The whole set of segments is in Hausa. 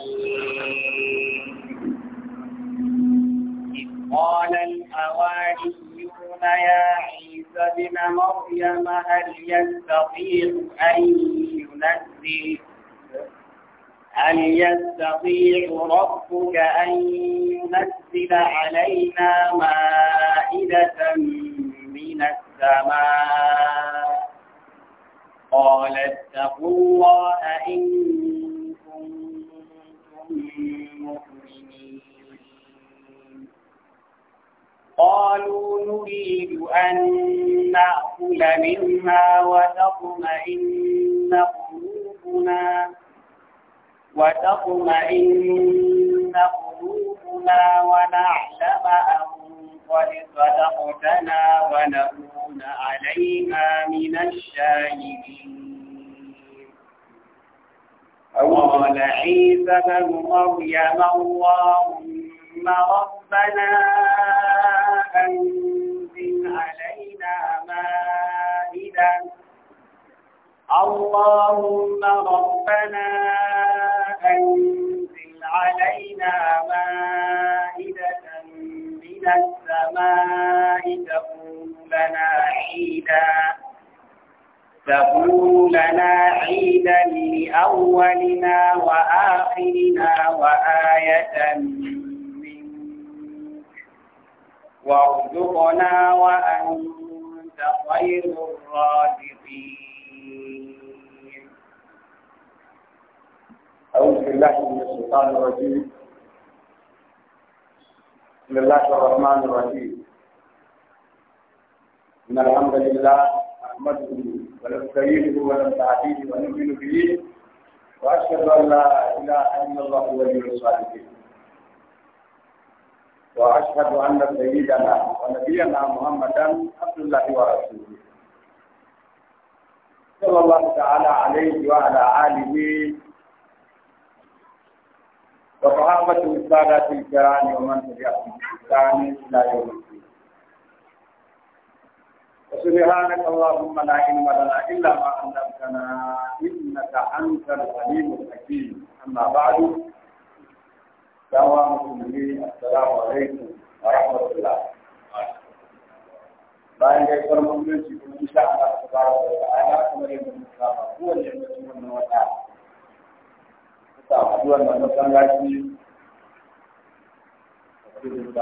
إذ قال الحواريون يا عيسى ابن مريم هل يستطيع أن ينزل هل يستطيع ربك أن ينزل علينا مائدة من السماء قال اتقوا الله إن قالوا نريد أن نأكل منها وتطمئن قلوبنا وتطمئن قلوبنا ونعلم أن قد صدقتنا ونكون عليها من الشاهدين قال عيسى بن مريم اللهم ربنا أنزل علينا مائدة اللهم ربنا أنزل علينا مائدة من السماء تكون لنا عيدا تكون لنا عيدا لأولنا وآخرنا وآية وارزقنا وأنت خير الرازقين أعوذ بالله من الشيطان الرجيم بسم الله الرحمن الرحيم إن الحمد لله نحمده ونستعينه ونستهديه ونؤمن به وأشهد أن لا إله إلا الله ولي الصالحين وأشهد أن سيدنا ونبينا محمدا عبد الله ورسوله صلى الله تعالى عليه وعلى آله وصحابة السادة الكرام ومن تبعهم بإحسان إلى يوم الدين وسبحانك اللهم لا علم لنا إلا ما علمتنا إنك أنت العليم الحكيم أما بعد dawa musulmi assalamu alaikum wa rahmatullah bayan dai kwar musulunci kuma insha Allah subhanahu wa ta'ala kuma ne mun saba kowanne mutum wannan wata ta haduwar da masallaci cikin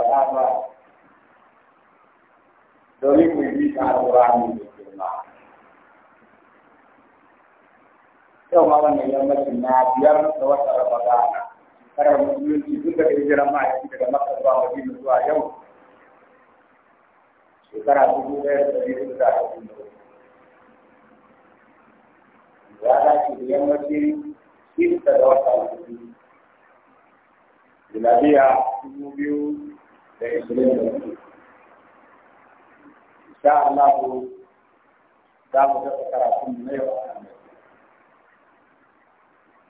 domin mu yi ta alƙur'ani da girma yau ma wannan yammacin na biyar da wata ramadana karar musulunci tun daga hijiran ma'aiki daga makar zuwa madina zuwa yau shekara dubu ɗaya da ɗari hudu da arba'in da hudu ya dace da yammacin shirka da wata hudu miladiya dubu biyu da ishirin da hudu insha Allah za mu dafa karatun na yau a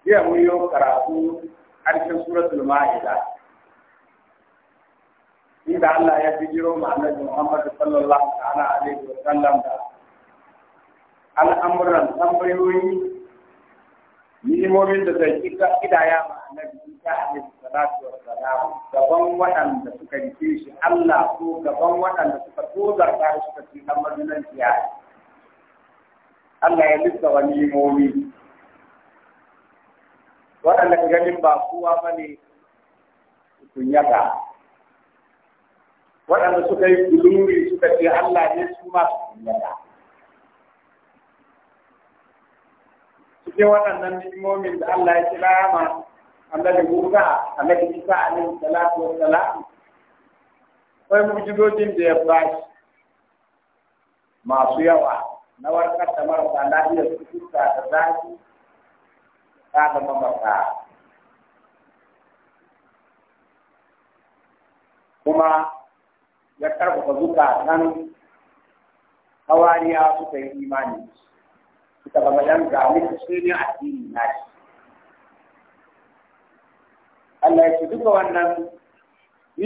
jiya mun yi karatu ƙarshen suratul ma'ida inda Allah ya bijiro ma annabi Muhammad sallallahu ta'ala alaihi wa sallam da al'amuran tambayoyi nimomin da zai kika kidaya ma annabi Isa alaihi salatu wa salam gaban waɗanda suka rike shi Allah ko gaban waɗanda suka tozarta shi suka ci dan madinanci ya Allah ya lissa wa nimomi waɗanda ganin ba kowa ba ne kunyata waɗanda suka yi guluri suka ce Allah ne su ma su kunyata cikin waɗannan nimomin da Allah ya kira ma annabi Musa annabi Isa alaihi salatu wa salam akwai da ya bashi masu yawa na warkar da marasa lafiya su da zafi ta mabaka kuma ya karfafa zukatan hawariya suka yi imani suka zama yan na Allah ya ce duka wannan ku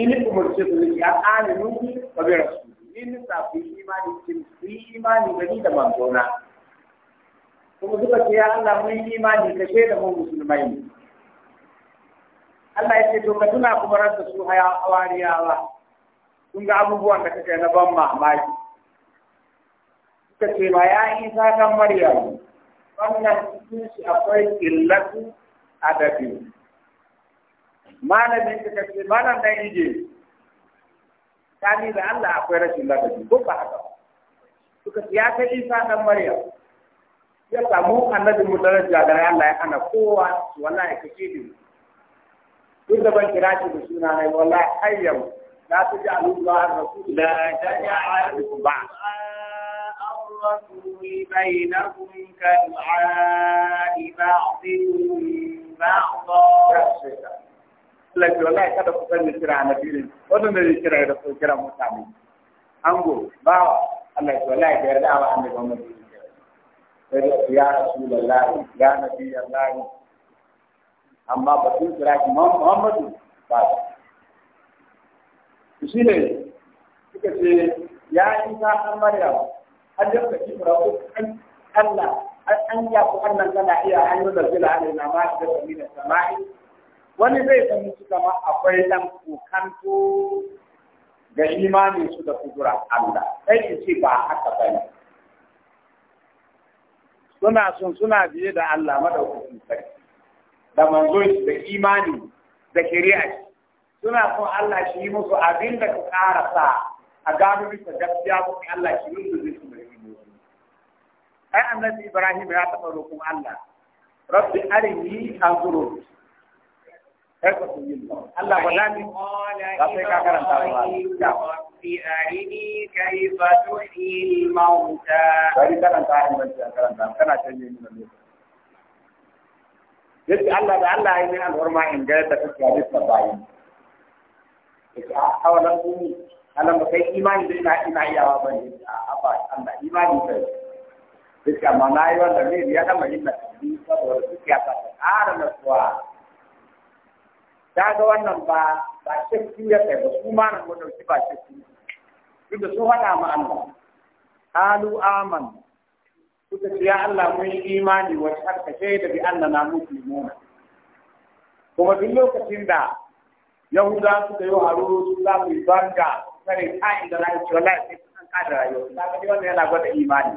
imani da ni da manzona kuma suka ce ya Allah mun yi imani ka da mu musulmai ne Allah ya ce to ka tuna kuma ranta su haya hawariyawa kun ga abubuwan da kake na ban mamaki suka ce ma ya isa kan maryam wannan cikin shi akwai illatu adabi malamin suka ce malam dan ije kani da Allah akwai rashin ladabi ko ba haka suka ce ya kai isa kan maryam ya samu annabi mu daraja da Allah ya hana kowa wallahi ka kidi duk da ban kira shi da suna ne wallahi hayyam la taj'alu Allah rasul la taj'alu ba الرسول بينكم كالعاء بعضكم بعضا لك والله كذا كنت ترى على دين وانا اللي ده كلام متعب انغو باو الله والله يرضى على النبي محمد sai ya rasulullahi ya nabi Allah amma batun Muhammadu ba shi ya yi an maryam an da an Allah an ya ku annan kana iya an yi da na ma da samina sama'i wani zai san su kama akwai dan kokanto ga imanin su da kudura Allah sai in ce ba haka bane suna sun suna biye da Allah madaukakin sarki da manzon da imani da kiriya suna son Allah shi yi musu abin da ka ƙara sa a gano bisa gaskiya ko Allah shi yi musu su mai ai annabi Ibrahim ya taɓa roƙon Allah rabbi arini anzuru kai ka sun yi Allah ba za ni ba sai ka karanta ba أرني كيف تحيي الموتى Yadda Allah da Allah ya yi al'urma in ga yadda kake hadis da bayan. Ita a wannan kuni, Allah ba kai imani da ina ina iyawa ba ne a ba Allah imani kai. Duk amma na yi wannan ne ya kama yin da saboda duk ya ta ƙara nasuwa daga ga wannan ba ba shakki ya kai ba su ma nan wanda shi ba shakki duk da sun haɗa ma Allah halu aman suka ce ya Allah mun yi imani wa harka da bi Allah na muslimuna kuma duk lokacin da yahuda suka yi haruru su za su yi banga sare kayan da rayu ce wallahi sai an kada rayuwa da ga wannan yana gwada imani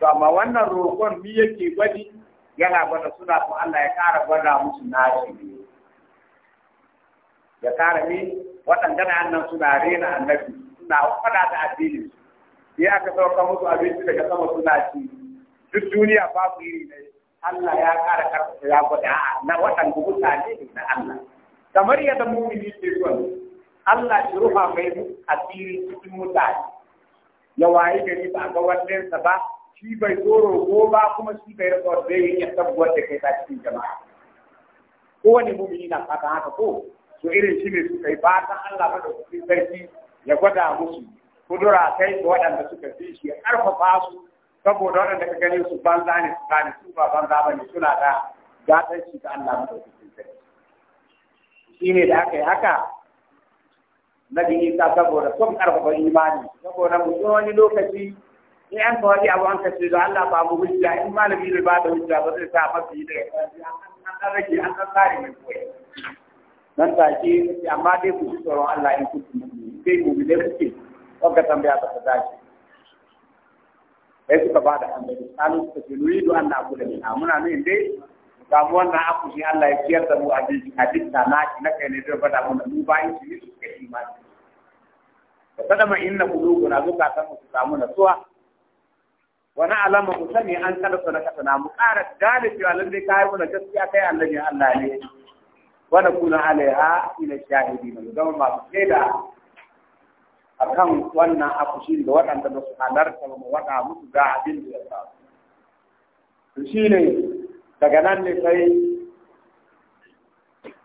to amma wannan roƙon mi yake gwadi yana gwada suna ko Allah ya ƙara gwada musu nashi ya kara ni waɗanda na annan suna rena annabi suna faɗa da addini sai aka sauka musu abinci daga sama suna ci duk duniya babu iri ne Allah ya kara karfafa ya gwada a'a na waɗanda mutane ne na Allah kamar yadda mumini ke son Allah ya rufa mai asiri cikin mutane ya waye gari ba ga wannan sa ba shi bai tsoro ko ba kuma shi bai rasa wanda ya sabuwar da kai ta cikin jama'a kowane mumini na fata haka ko to irin shi ne suka yi fatan Allah da madaukakin sarki ya gwada musu kudura kai da waɗanda suka fi shi ya ƙarfafa su saboda waɗanda ka gani su banza ne su gane su ba banza ba ne suna da gatan shi ga Allah madaukakin sarki shi ne da aka yi haka nabi Isa saboda sun ƙarfafa imani saboda mutum wani lokaci in an ka wani abu an ka ce da Allah ba mu hujja in malami ne ba da hujja ba zai sa mafi da ya an rage an tsari mai koyi nan ta ce amma dai ku ji tsoron Allah in kuntum mu'minin sai ku bi dai kuke wanda tambaya ta dace sai suka ba da hanzari kalu suka ce nuridu an na kula min muna nuyin dai samu wannan aku shi Allah ya ciyar da mu a jiki a dukka na ki na kai ne zai faɗa mu na duba in shi su kai imani da sada ma inna qulubuna zukatan mu samu nasuwa wa na alama mu sani an kada na kasana? mu ƙara gane cewa lalle kai mu na gaskiya kai annabi Allah ne wa nakuna alaiha ila shahidina mu zama masu shaida kan wannan akushi da waɗanda ba su halarta ba mu waɗa musu ga abin da ya faru shi ne daga nan ne sai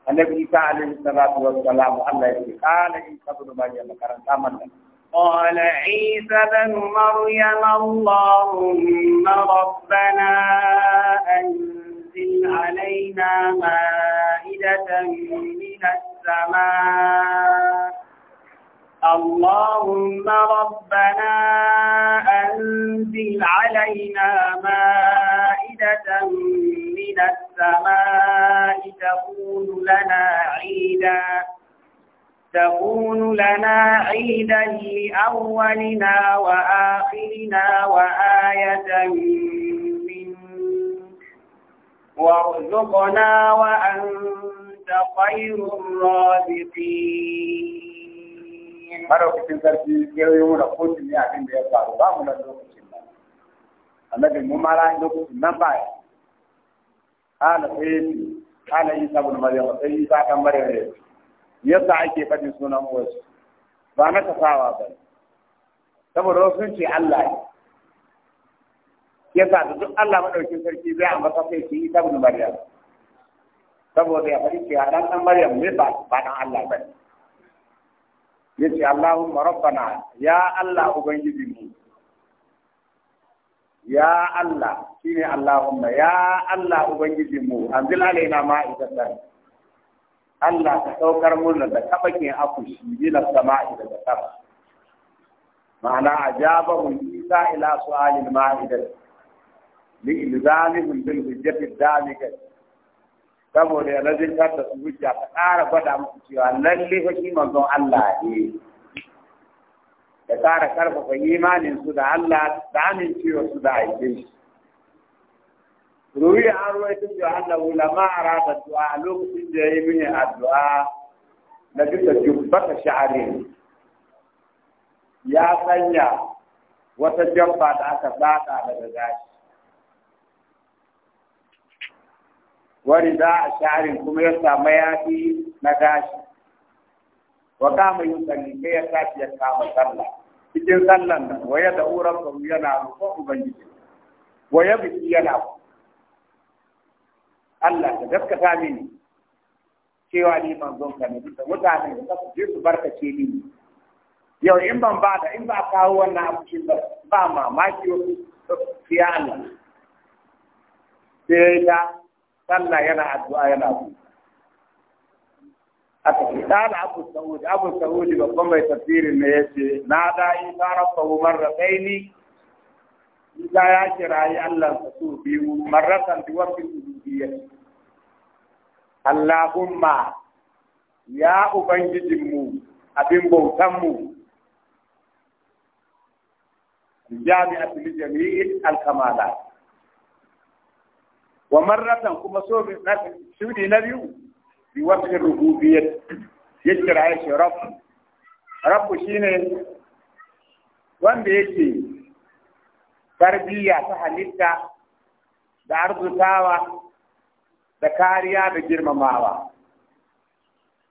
annabi isa alaihi salatu wassalamu Allah ya ce qala isa ibn maryam karanta mana قال عيسى بن مريم اللهم ربنا أنت تنزل علينا مائدة من السماء اللهم ربنا أنزل علينا مائدة من السماء تكون لنا عيدا تكون لنا عيدا لأولنا وآخرنا وآية وارزقنا وأنت خير الرازقين مرحبا sarki yau da kotun ne abin da ya faru ba mu nan lokacin nan annabi mu mara lokacin nan ba ala sayyidi ala isa ibn maryam sai isa kan maryam ne yadda ake faɗin sunan wasu ba na kasawa ba saboda wasu ce Allah ne ya sa da duk Allah madaukin sarki zai ambata sai shi ita bin Maryam saboda ya fadi cewa dan dan Maryam ne ba ba dan Allah ba ne ce Allahumma rabbana ya Allah ubangiji mu ya Allah shine Allahumma ya Allah ubangiji mu anzil alaina ma'idatan Allah ka saukar murna da kabakin akushi bila sama'i daga sama ma'ana ajaba mun isa ila su'alil ma'idatan لإلزامهم بالحجة الدالكة كمو لي رجل كرد سبجة تقار قد عمو سيوا للي حكيم الله الله تقار كرد في إيمان سودا الله دعني سيوا سودا إيش روي عروي تسيوا الله ولما أراد الدعاء لوك سنجي من الدعاء لكي تجبك شعرين يا سنيا وتجبك أكبرك على الرجاج wani za a sharin kuma ya samu yafi na gashi wa kama yin tsalli sai ya tashi ya kama sallah cikin sallan nan waya da uran baru yana roƙon ubangiji waya biki yana ku? Allah ka ta mini cewa ni manzon ka ne bisa mutane da kasu je su barkace ni yau in ban ba da in ba a kawo wannan abu ba ba mamaki wasu fiye Allah sai ya sallah yana addu'a yana abu haka abu sa'udi abu sa'udi babban mai tafsirin ne ya ce na da isa rabbahu marrataini isa ya kirayi allah sa su biyu marratan bi wasu allahumma ya ubangijinmu abin bautanmu jami'atul jami'il al-kamalat wa marratan kuma so bi shudi na biyu bi rububiyar, ya yakira ya shi rabb rabb shine wanda yake tarbiyya ta halitta da arzutawa da kariya da girmamawa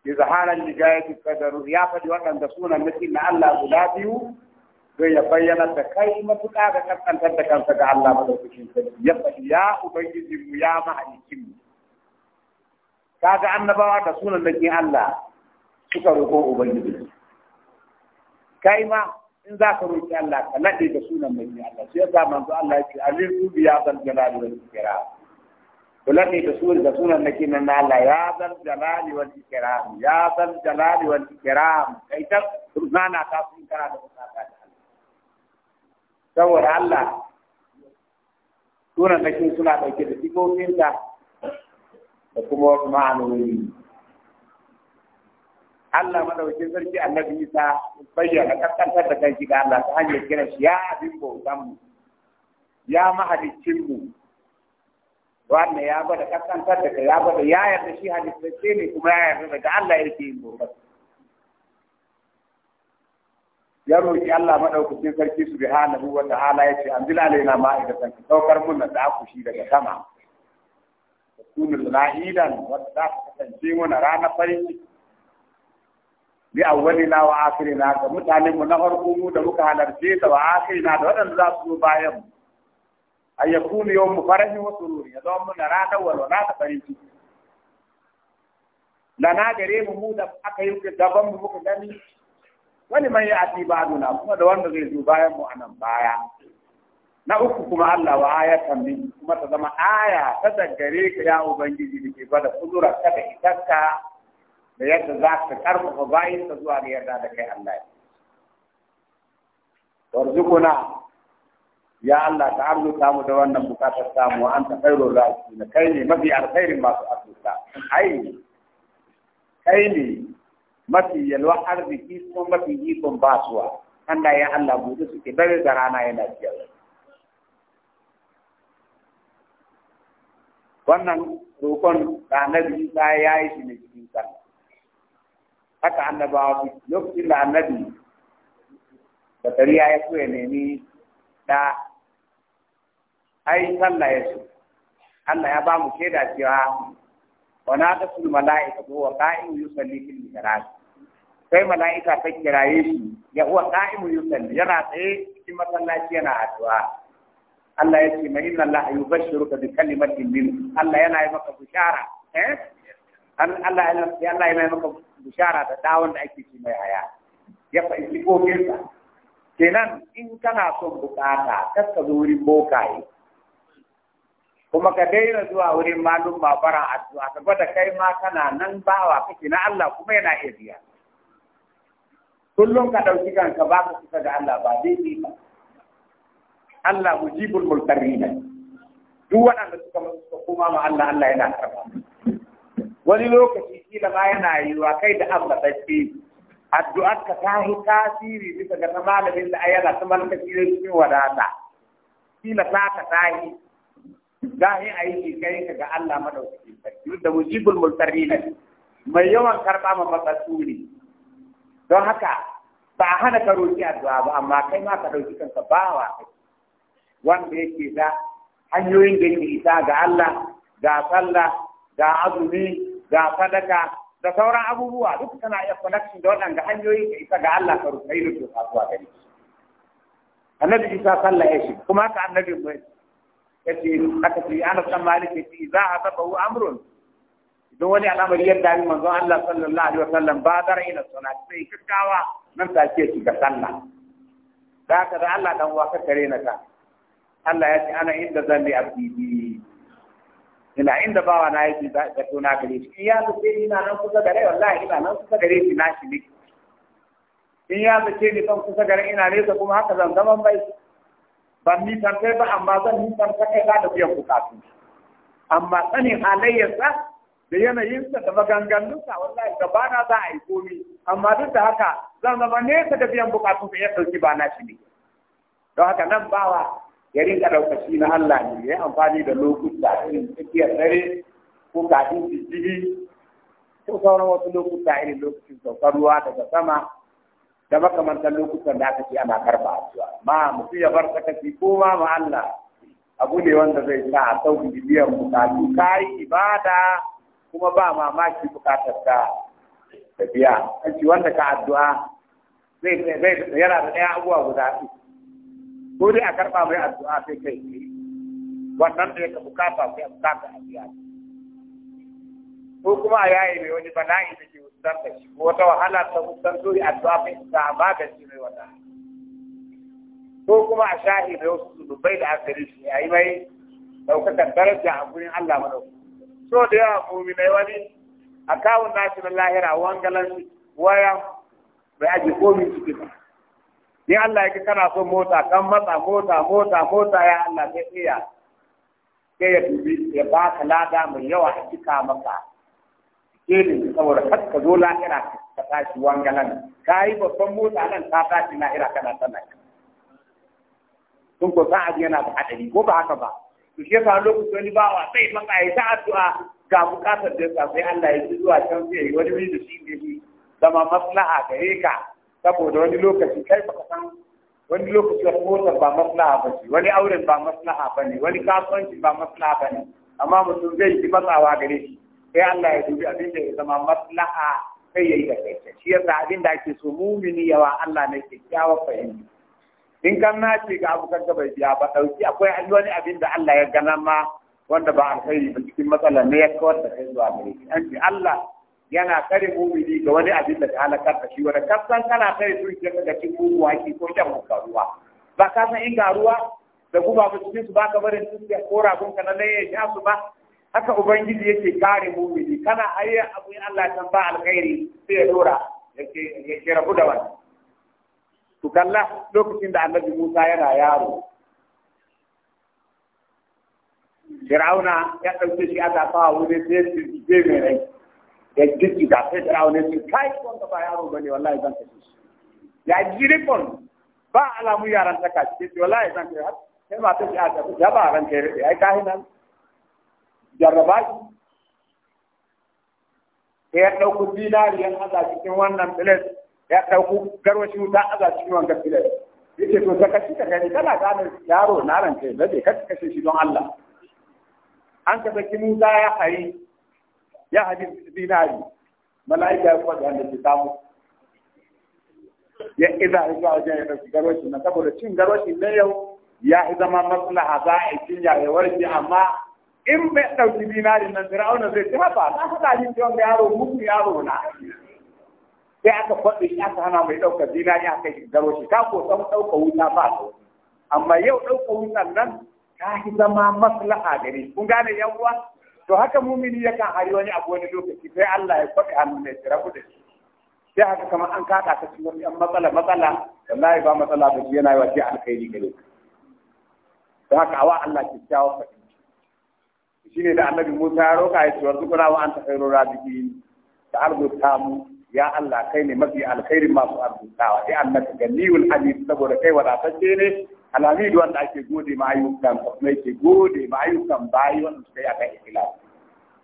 izharan ligayati qadaru ya faɗi waɗanda sunan nake na Allah guda biyu don ya bayyana da kai matuƙa da kaskantar da kansa ga Allah ba da ya faɗi ya ubangiji mu ya mahalicin mu kaga annabawa da sunan da ke Allah suka roƙo ubangiji kai ma in za ka roƙi Allah ka naɗe da sunan da ke Allah sai sa manzo Allah ya ce alil ya jana da wani kira. ku naɗe da sunan da sunan da ke nan Allah ya jana da wani kira. ya jana da wani kira. kai ta nana ta sun kara da bukata saboda Allah da nakin suna ɗauke da sifofinta da kuma wasu ma'anoni Allah madaukin sarki annabi Isa bayyana kakkantar da kanshi ga Allah ta hanyar kira shi ya abin bautan mu ya mahaliccin mu wannan ya bada kakkantar da kai ya bada ya yarda shi sai ne kuma ya yarda daga Allah yake yin bautan ya roƙi Allah madaukakin sarki subhanahu wa ta'ala ya ce anzil na ma'aikatan ka saukar mun da shi daga sama idan lahidan wa ta kasance mana rana farin ciki bi awwalina wa akhirina ga mutane mu na farko mu da muka halarce ta wa akhirina da waɗanda za su zo bayan mu ay yakunu yawmu farahin wa sururi ya zama muna ranar walwala ta farin ciki lana gare mu mu da aka yi daban mu muka gani wani man ya'ti ba'duna kuma da wanda zai zo bayan mu anan baya na uku kuma Allah wa ayatan min kuma ta zama aya ta daggare ka ya ubangiji dake bada kudura ka da itanka da yadda za ka karfafa bayin ka zuwa da yarda da kai Allah warzukuna ya Allah ta arzuta mu da wannan bukatar samu an ta kairo rasu na kai ne mafi alkhairin masu arzuta ai kai ne mafi yalwa arziki kuma mafi ikon basuwa Allah ya Allah buɗe suke dare da rana yana ciyarwa wannan roƙon da annabi Isa ya yi shi ne cikin sallah haka annabawa su lokacin da annabi Zakariya ya so ya nemi da ai sallah ya so Allah ya ba mu shaida cewa wa na tasul mala'ikatu wa qa'imu yusalli fil mihrab sai mala'ika ta kiraye shi ya huwa qa'imu yusalli yana tsaye cikin masallaci yana addu'a Allah ya ce inna Allah yubashshiruka bi kalimatin min Allah yana yi maka bishara eh Allah ya Allah yana yi maka bishara da dawon da ake ci mai haya ya fa sa kenan in kana son bukata kar ka zo wurin bokaye kuma ka daina zuwa wurin malum ma fara addu'a Saboda kai ma kana nan bawa kake na Allah kuma yana iya biya kullum ka ɗauki kanka ba ka kusa ga Allah ba daidai ba Allah mujibul mulkarina duk waɗanda suka suka koma ma Allah Allah yana karba wani lokaci kila ma yana yiwa kai da an matsatsi addu'ar ka ta yi tasiri bisa ga ta malamin da ayyana ta malaka shi cikin wadata kila ta ka ta yi zahi aiki kai ka ga Allah madaukakin sarki da mujibul mulkarina mai yawan karɓa ma matsatsu ne don haka ba hana ka roƙi addu'a ba amma kai ma ka ɗauki kanka bawa wanda yake da hanyoyin da yake isa ga Allah ga sallah ga azumi ga sadaka da sauran abubuwa duk kana iya connection da waɗanda hanyoyin da isa ga Allah ka roƙi da tuka zuwa gare shi annabi isa sallah ya shi kuma ka annabi mai ya ce aka ce ana san za a tabahu amrun don wani al'amari yadda ni manzon Allah sallallahu alaihi wasallam ba dara ina salat sai kikawa nan take shi ga sallah da ka da Allah dan waka kare na ka Allah ya ce ana inda zan zanni abdi ina inda bawa na yake da tona na gare shi ya su sai ina nan kusa gare wallahi ina nan kusa gare shi na shi ne in ya ce ni kan kusa gare ina nesa kuma haka zan zaman bai ban nisan kai ba amma zan nisan kan kai ba da biyan bukatu amma sanin halayyarsa da yanayinsa da maganganunsa wallahi ba na za a yi komi amma duk da haka zan zama nesa da biyan bukatun ya sauki ba na shi ne don haka nan bawa ya rinka daukaci na Allah ne ya amfani da lokuta irin tsakiyar dare ko kafin jijjigi ko sauran wasu lokuta irin lokacin saukar ruwa daga sama da makamantar lokutan da aka ce ana karba addu'a ma mutum ya bar sakaci ko ma ma Allah abu ne wanda zai sa a sauki biyan bukatu kai ibada kuma ba mamaki bukatar ta tafiya ci wanda ka addu'a zai zai yana da ɗaya abuwa guda ko dai a karɓa mai addu'a sai kai ne wannan da yake bukata sai a bukata a biya ko kuma a yayi mai wani bala'i da ke da shi wata wahala ta wutar ya addu'a mai ta magance mai wata ko kuma a shahi mai wasu zunubai da aka yi shi a yi mai ɗaukakar daraja a gurin Allah madaukakin so da yawa muminai wani akawun nashi na lahira wangalan waya bai aji komi ciki ba Ni Allah ya kana so mota kan matsa mota mota mota ya Allah sai iya sai ya dubi ya baka lada mai yawa a cika maka ne saboda kar ka zo lahira ka tashi wangalan ka yi babban mota nan ka tashi lahira kana sanar sun ko sa'ad yana da haɗari ko ba haka ba to shi yasa lokacin wani bawa sai maka yi ta addu'a ga bukatar da yasa sai Allah ya ji zuwa can sai wani wani da shi ne shi zama maslaha gare ka saboda wani lokaci kai baka san wani lokaci wata motar ba maslaha ba ce wani auren ba maslaha ba ne wani kasuwanci ba maslaha ba ne amma mutum zai yi matsawa gare shi sai Allah ya dubi abin da ya zama maslaha sai ya yi da kai shi yasa abin da ake so mumini yawa Allah ne kyakkyawar fahimta in kan na ce ga abu kanka bai biya ba dauki akwai wani abin da Allah ya gana ma wanda ba alkhairi ba cikin matsala ne ya kawar da kai zuwa gare an ce Allah yana kare mumini ga wani abin da ta halakar da shi wanda kasan kana kare dukiyar da cikin mugu ko shan ruwa ba ka san in ga ruwa da kuma ba cikin su ba ka barin dukiya ko ragon ka na laye ya su ba haka ubangiji yake kare mumini kana hayya abu Allah ya san ba alkhairi sai ya dora yake ya rabu da wani to kalla lokacin da annabi Musa yana yaro Firauna ya ɗauke shi aka fawa wuri sai su je mai rai ya jiki da sai Firauna su kai wanda ba yaro bane wallahi zan kashe shi ya jirifon ba alamu yaran ta kashe shi wallahi zan kashe shi sai ma ta ji aka ya ba ran kai rai ai kai nan jarraba shi sai ya ɗauko dinariyan Allah cikin wannan filet ya ɗauku garwashi wuta aza cikin wanga filar yace to ka kashi ka gani kana gane yaro na rance da bai kashi kashi shi don Allah an ka saki Musa ya hari ya hari dinari mala'ika ya kwada da ke samu ya iza zuwa wajen ya ɗauki garwashi na saboda cin garwashi na yau ya zama maslaha za a yi cinya ya warke amma in bai ɗauki dinarin nan fir'auna zai ci haka na haɗa ni ciwon yaro muku yaro na sai aka faɗi shi aka hana mai ɗaukar zinari aka yi garo shi ka ko san ɗaukar wuta ba ta amma yau ɗaukar wutan nan ta fi zama maslaha gare kun gane yan uwa to haka mumini kan hari wani abu wani lokaci sai Allah ya kwaɗe hannu mai tsira da shi sai haka kamar an kaɗa ta cikin wani matsala matsala wallahi ba matsala ba yana yi wa alkhairi gare ka don haka awa Allah kyakkyawan faɗi shi ne da annabi Musa ya roƙa ya ce wa zukura wa an ta khairura bihi ta arzuta mu يا الله كيني مبي على خير ما هو أرضك يا أنك جنيو الحديث تبور كي ولا تجيني على ميد وان عايز جودي ما يمكن فنيك جودي ما يمكن بايون سيا كهيلا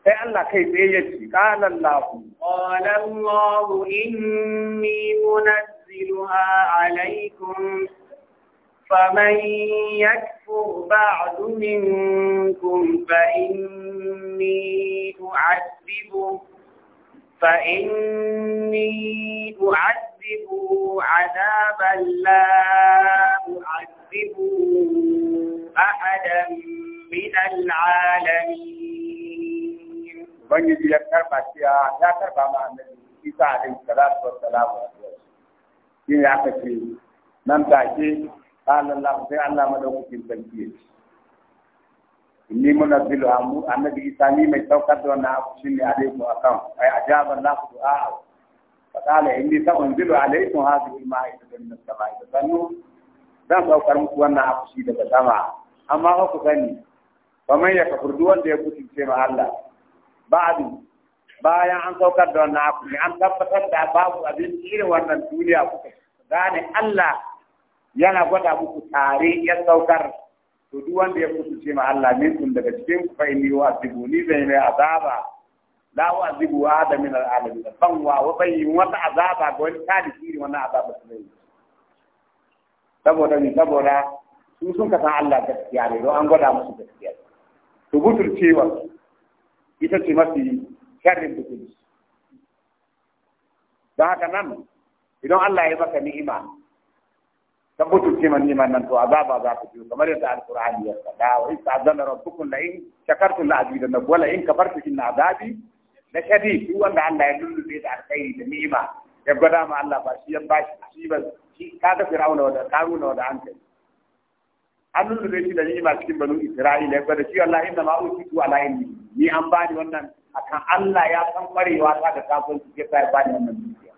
يا الله كي بيجي قال الله قال الله إني منزلها عليكم فمن يكفر بعد منكم فإني أعذبه فإني أعذب عذابا لا أعذب أحدا من العالمين بنجي يكتر باتيا يكتر بما النبي عيسى عليه الصلاة والسلام في يا كثير نمتاكي قال الله في الله مدوكي البنجيه inni munazzilu amu annabi isa ni mai saukar da wannan abu shine alaikum akan ai ajaba Allah du'a fa qala inni sa'unzilu alaikum hadhihi al-ma'idatu min as-sama'i sannu zan saukar muku wannan abu shi daga sama amma ku sani fa man yakfur duwan da ya kutince ma Allah ba'du ya an saukar da wannan abu ne an tabbatar da babu abin irin wannan duniya kuka gane Allah yana gwada muku tare ya saukar to duk wanda ya ce ma Allah kun daga cikin ku fa inni wa'dibu ni zai mai azaba la wa'dibu ahada min al-alamin ban wa wa bayyin wata azaba ga wani talibi ne wannan azaba su zai saboda ni saboda su sun ka san Allah gaskiya ne don an gwada musu gaskiya to cewa ita ce mafi sharrin bukunci don haka nan idan Allah ya maka ni'ima ta mutunce man liman nan to azaba za ta biyu kamar yadda alqur'ani ya faɗa wa in ta'azzana rabbukum la in shakartum la azidannakum wa la in kafartum inna azabi la shadid duk wanda Allah ya lullu lullube da alkhairi da ni'ima ya gwada ma Allah ba shi ya bashi shi ba shi kaga fir'auna da karuna da hankali an kai. An lullu lullube shi da ni'ima cikin banu isra'ila ya gwada shi Allah inna ma utitu ala ilmi ni an bani wannan a kan Allah ya san kwarewa ta da kafin su ke sa sai bani wannan dukiya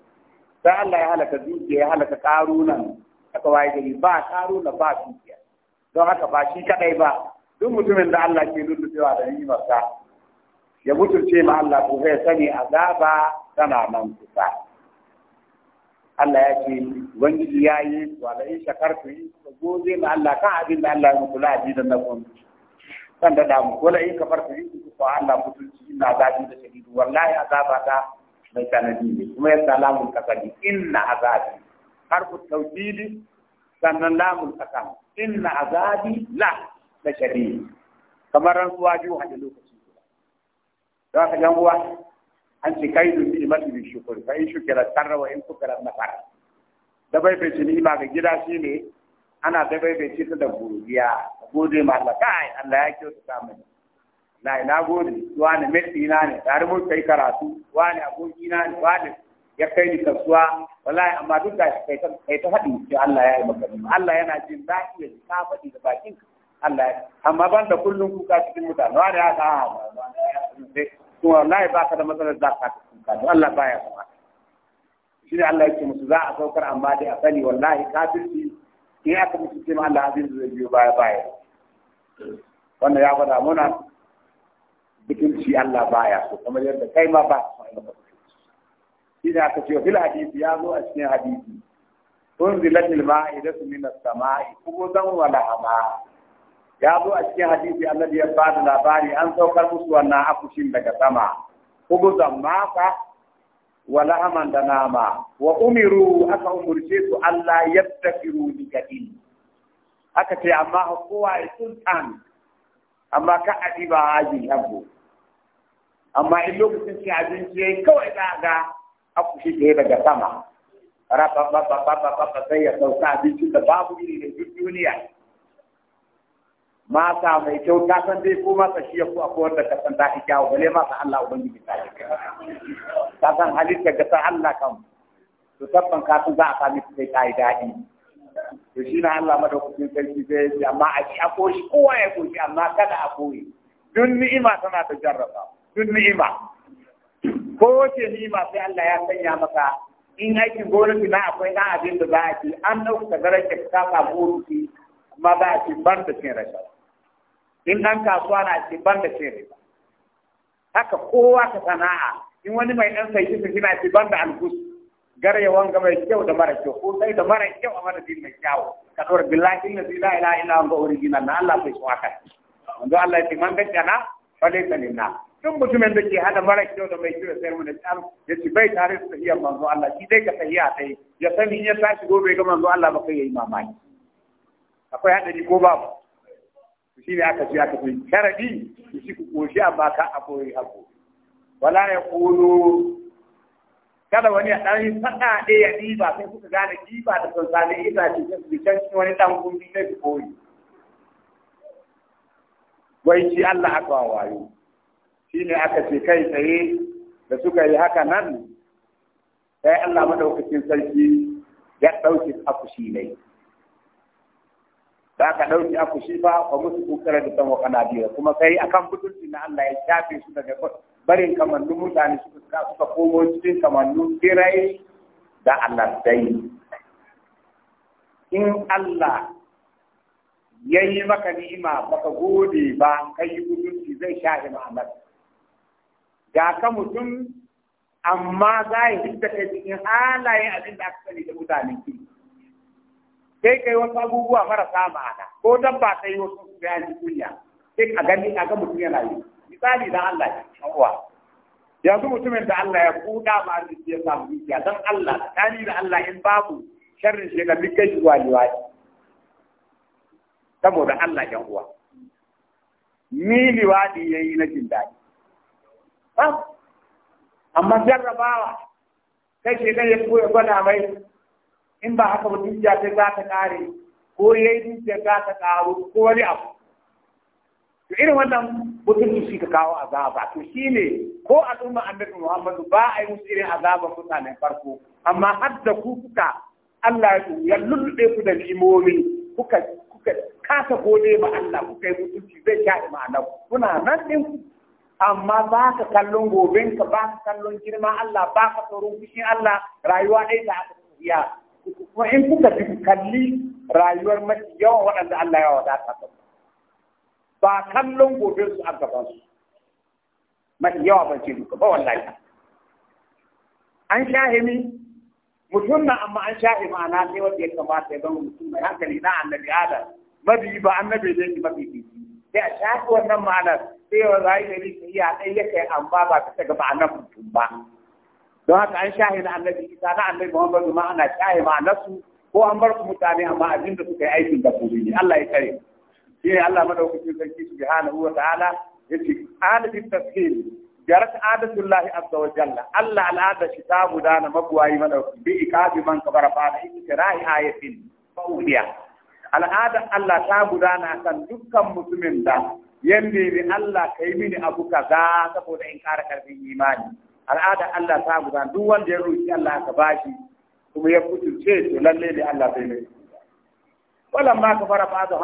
sai Allah ya halaka dukiya ya halaka karunan aka waye gari ba taro na ba dukiya don haka ba shi kadai ba duk mutumin da Allah ke lullubewa da nimarsa ya mutunce ma Allah ko zai sani azaba tana nan kusa Allah ya ce wani ya yi wa da in shakartu yi ka goze ma Allah kan abin da Allah ya muku la da na kun san da damu ko la in kafartu yi ku ko Allah mutunci inna azabi da shadidu wallahi azaba ta mai sanadi ne kuma ya kasa, kasadi inna azabi harfu tawkidi sannan lamun qasam inna azabi la da shadid kamar rantsuwa biyu a lokaci guda don haka yan uwa an ce kai dun bi mati bi shukuri fa in shukira tarra wa in kukira nafar da bai bai ni ma ga gida shine ana da bai bai ta da godiya gode ma Allah kai Allah ya kyautata mini na ina gode wani mai ne tare mun kai karatu wani abokina ne wani ya kai ni kasuwa wallahi amma duk da kai ta kai ta faɗi ce Allah ya yi maka Allah yana jin daɗi ya ka faɗi da bakin Allah amma ban da kullun kuka cikin mutane wani ya ka to ah, wallahi ba ka da matsalar da ka kuka to Allah baya kuma shi ne Allah yake musu za a saukar amma dai a sani wallahi kafirci in aka musu ce ma Allah abin zai biyo baya baya wannan ya faɗa muna bikin shi Allah baya so kamar yadda kai ma ba ka hadisi ya zo a cikin hadisi? الحديث يا أبو أشني حديثي أنزلت sama'i. من zan wala hama. ya zo a cikin hadisi annabi ya bada labari an saukar musu wannan afushin daga sama hubuzan maka Wala lahaman da nama wa umiru aka umurce su Allah ya tafiru bi kadin aka ce amma kowa ya sultan amma ka adiba aji yabo amma in lokacin ci abinci yayi kawai za ga akushi da daga sama rababababababa sai ya sauka abincin da babu iri da duk duniya mata mai kyau ta san dai ko mata shi ya ko akwai wanda ka san ta fi kyawu bale mata Allah ubangiji ta ta san halitta ga ta Allah kan to tabban ka san za a sami sai ta yi daɗi to shi na Allah madaukakin sarki zai yi amma a ci a koshi kowa ya koshi amma kada a koyi duk ni'ima tana da jarraba duk ni'ima ko wace ma sai Allah ya sanya maka in aikin fi na akwai na abin da za a ci an ɗauka darajar ta samu wuce amma za a ci ban da cin rasha in ɗan kasuwa na ci ban da cin rasha haka kowa ka sana'a in wani mai ɗan sai kisa na ci ban da alkus ya ga mai kyau da mara kyau ko sai da mara kyau a din mai kyau ka ɗora billahi la ilaha illa huwa original na Allah bai so haka wanda Allah ya ce man gaskiya na falai na. Tun mutumin da ke hada mara kyau da mai kyau sai mu da kyau ya ci bai tare da tahiyar manzo Allah shi dai ka a tai ya sani in ya tashi gobe ga manzo Allah ba kai yayi mamaki akwai hadari ko babu shi ne aka ji aka ce karabi shi ku koshi amma ka akoyi hako wala ya kulu kada wani ya ɗan faɗa ɗaya ya ɗiba sai kuka gane ɗiba da son sani ita ce su bi shi wani ɗan gumbi sai ku koyi wai shi Allah aka wayo shi ne aka ce kai tsaye da suka yi haka nan sai Allah madaukakin sarki ya ɗauki akushi ne da aka ɗauki akushi ba ba musu kokara da san wakana biyu kuma kai akan butulci na Allah ya shafe su daga barin kamannu mutane su suka suka komo cikin kamannu kirai da Allah dai in Allah ya yi maka ni'ima baka gode ba kai yi butulci zai shafe ma'anar ga ka mutum amma za a yi ta cikin halayen abin da aka sani da mutanen ki sai kai wasu abubuwa marasa ma'ana ko ba ta yi wasu bayanin kunya sai a gani a ga mutum yana yi misali da Allah ya uwa yanzu mutumin da Allah ya kuɗa ma da ya samu dukiya dan Allah tsakani da Allah in babu sharrin shi ga dukkan shi wali saboda Allah ya uwa ni liwadi yayi na jin daɗi Ah, amma jarrabawa kai shi ya koya gwada mai in ba haka ba dukiya sai za ta kare ko ya yi dukiya za ta karo ko wani abu to irin wannan mutunci shi ka kawo azaba to shi ne ko al'umma annabi muhammadu ba a yi musu irin azabar mutane farko amma har da ku kuka Allah ya lulluɓe ku da limomi kuka kuka kasa gode ma Allah kuka yi mutunci zai sha imana kuna nan ɗin amma ba ka kallon goben ka ba ka kallon girma Allah ba ka tsoron fushin Allah rayuwa ɗaya da aka tafiya kuma in kuka bi kalli rayuwar mafi yawan waɗanda Allah ya wadata ta ba kallon goben su a gaban su mafi yawa ban ce duka ba wallahi an shahimi mutum na amma an shahimi ma'ana sai wanda ya kamata ya zama mutum mai hankali na annabi adam mabi ba annabi zai yi mabi sai a shahi wannan ma'anar cewa yawan zai gari su iya ɗai ya kai amma ba ta daga ma'anar mutum ba don haka an shahi na annabi isa na annabi muhammadu ma ana shahi su ko an bar su mutane amma abin da suka yi aikin da su ne Allah ya kare shi ne Allah madaukakin sarki subhanahu wa ta'ala yace alibi tafsir jarat adatullahi azza wa jalla Allah al'ada shi ta gudana mabuwayi madauki bi ikabi man kabara fa da ikrahi ayatin fa'uliya al'ada Allah ta gudana kan dukkan mutumin da yanda bi Allah ka yi mini abu kaza saboda in ƙara ƙarfin imani al'ada Allah ta guda duk wanda ya roki Allah ka bashi kuma ya kutuce to lalle ne Allah bai mai walamma ka fara ba da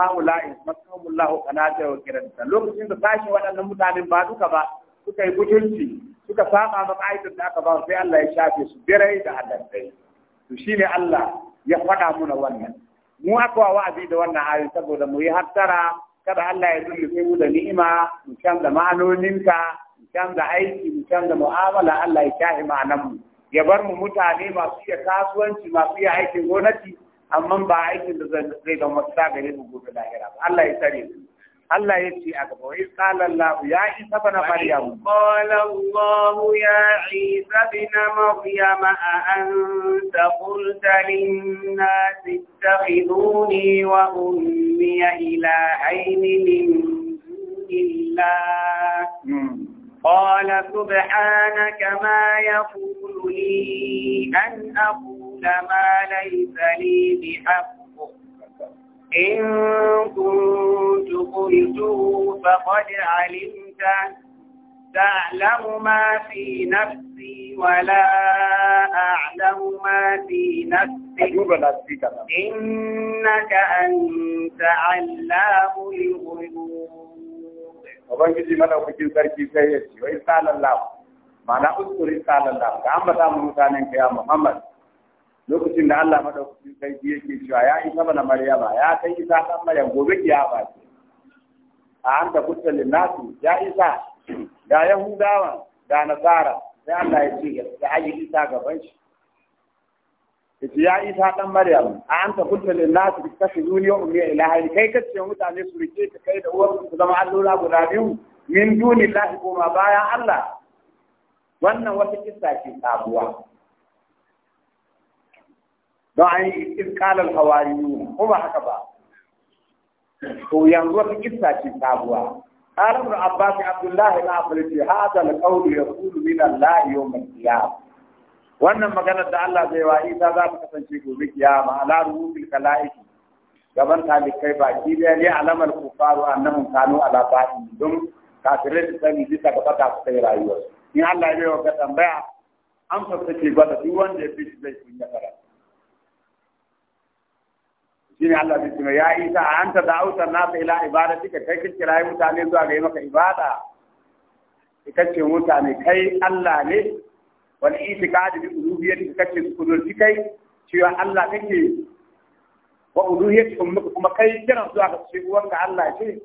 makamullahu kana ta kiranta lokacin da tashi waɗannan mutanen ba duka ba suka yi kutunci suka saba ma ma'aikatan da aka ba sai Allah ya shafe su birai da hadantai to shine Allah ya faɗa muna wannan mu aka wa wa'azi da wannan ayoyi saboda mu yi hattara kada Allah ya zullufe mu da ni'ima mu canza ma'anoninta mu canza aiki mu canza mu'amala Allah ya shahi ma'anan mu ya bar mu mutane masu iya kasuwanci masu iya aikin gwamnati amma ba aikin da zai zama gare mu gobe lahira Allah ya tsare mu الله يجي أكبر إذ قال الله يا عيسى بن مريم قال الله يا عيسى بن مريم أأنت قلت للناس اتخذوني وأمي إلى إلهين من الله قال سبحانك ما يقول لي أن أقول ما ليس لي بحق إن كنت قلته فقد علمته تعلم ما في نفسي ولا أعلم ما في نفسك إنك أنت علام الغيوب Ubangiji madaukakin sarki sai ya ce, Wai salallahu, ma'ana uskuri salallahu, ka ambata mu mutanen kaya Muhammad, lokacin da Allah madaukakin sarki yake cewa ya isa bana maryama ya kai isa san maryam gobe ya ce a an da kutta linnasu ya isa da yahudawa da nasara sai Allah ya ce ya aji isa gaban shi yace ya isa dan maryam a an da kutta linnasu bi tashiduni wa ummi ilahi kai kace mutane su rike ka kai da uwar su zama allura guda biyu min duni ko koma bayan Allah wannan wata kissa ce sabuwa da an yi iskalar hawari ko ba haka ba to yanzu wata kissa ce sabuwa na ابن عباس عبد الله العفريتي ya القول min allah الله يوم القيامة wannan maganar da Allah zai wa Isa za ta kasance gobe kiyama ala ruhul kala'iki gaban talikai baki da ne alamar kufaru annahum kanu ala ba'i don kafirai da sani bisa ga fata su kai rayuwa. in Allah ya yi wa tambaya an fasake gwada duk wanda ya fi shi zai kunya karatu shine Allah zai ce ya Isa anta da'uta nasa ila ibadatika kai kin kirayi mutane zuwa ga maka ibada kace mutane kai Allah ne wal itikadi bi uluhiyyati kace su kudur kai cewa Allah kake wa uluhiyyati kuma kai kiran zuwa ga shi wanda Allah ce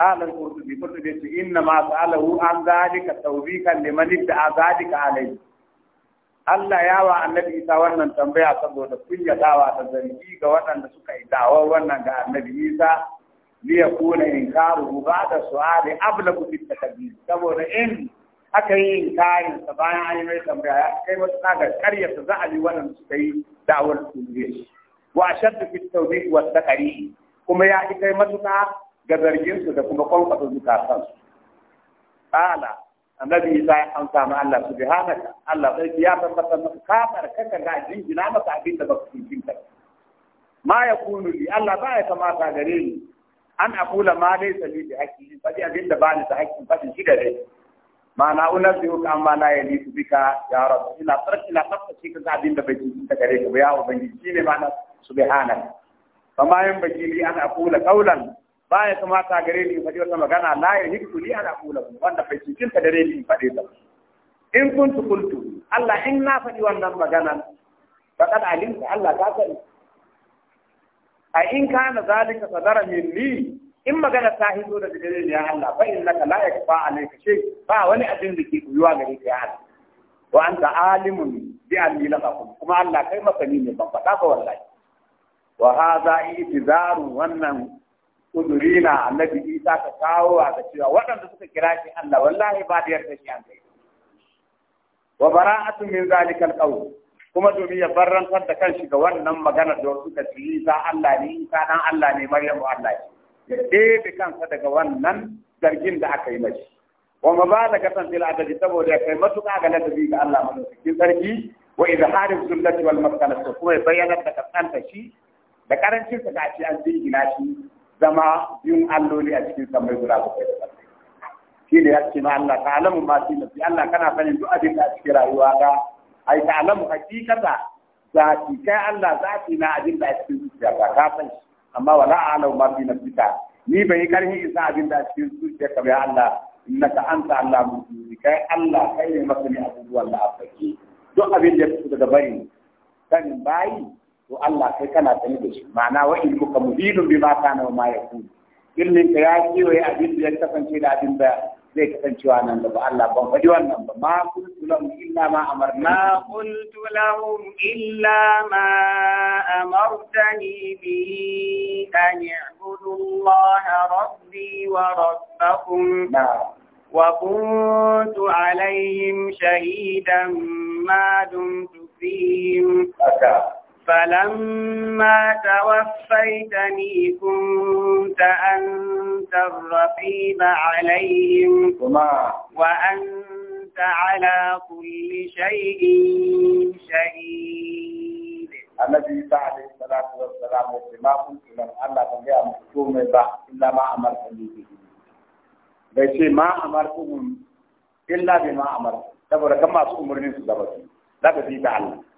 قال القرطبي قرطبي إنما سأله عن ذلك توبيخا لمن ادعى ذلك alayhi Allah ya wa annabi Isa wannan tambaya saboda dawa da zargi ga waɗanda suka yi dawar wannan ga annabi Isa li karu ba ba'da su'ali ku bit takdir saboda in aka yi kayan sa bayan an yi mai tambaya ya kai wasu ga karyata za a yi waɗanda suka yi dawar turiye wa ashaddu fit tawbih wa takari kuma ya kai matuka ga zargin su da kuma kwankwasa zukatansu ala annabi Isa ya amsa ma Allah subhanaka Allah sai ya tabbata maka ka barkaka ga jingina maka abin da baka cikin ka ma kunu li Allah ba ya kamata gare ni an akula ma dai li da haqqi fadi abin da ba ni da haqqi fadi shi ma na unar da yau amma na yi su bika ya rabu ina tsarki ina tsarkace ka ga abin da bai cikin ka gare ka ba ya ubangiji shine ma'ana subhanaka fa ma yan bajili an akula kaulan ba ya kamata gare ni in faɗi wata magana la ya hidu li ala kula wanda bai cikin ka dare ni in faɗi ta in kuntu qultu Allah in na faɗi wannan magana alim ka Allah ta sani a in ka na zalika sadara ni, in magana ta hito daga gare ni ya Allah fa laka la yakfa alayka shay ba wani abin da ke kuyuwa gare ka ya Allah wa anta alimun bi anni laqakum kuma Allah kai masani ne ban faɗa ka wallahi wa hadha i'tizaru wannan Kuduri na annabi isa ka kawo a ga cewa waɗanda suka kira shi Allah wallahi ba da yarda shi an kai wa bara'atu min zalika alqawl kuma domin ya barrantar da kanshi ga wannan magana da suka ci isa Allah ne isa dan Allah ne maryamu Allah ne. ya da kansa daga wannan zargin da aka yi mashi wa da tan fil adadi saboda kai matuƙa ga ladabi ga Allah madaukakin sarki wa izharil zullati wal maskanati kuma ya bayyana da kasanta shi da karancin sa da shi an gina shi zama yin alloli a cikin samai guda kai da bakwai shi ne ya ce Allah ka alamu ma shi nafi Allah kana sanin duk abin da a cikin rayuwa ga ai ka alamu hakikata ki kai Allah ki na abin da a cikin zuciya ka ka san shi amma wala alamu ma fi nafsika ni bai karhi isa abin da a cikin zuciya ka bai Allah innaka anta Allah mu kai Allah kai ne masani abubuwan da a fake duk abin da ya fito daga bari kan bayi to Allah kai kana sani da shi ma'ana wa in kuka muhidun bi ma kana wa ma yakun ilmin ka ya kiwaye abin da ya kasance da abin da zai kasancewa nan gaba Allah ban faɗi wannan ba ma kuntu lahum illa ma amarna ma kuntu lahum illa ma amartani bi an ya'budu Allah rabbi wa rabbakum وكنت عليهم شهيدا ما دمت فيهم فلما توفيتني كنت أنت الرقيب عليهم وأنت على كل شيء شهيد النبي صلى الله عليه الصلاة والسلام ما قلت من الله تجاه مكتوم إلا ما أمرتني به بس ما أمركم إلا بما أمركم تبارك ما أمرني سبحانه لا تزيد الله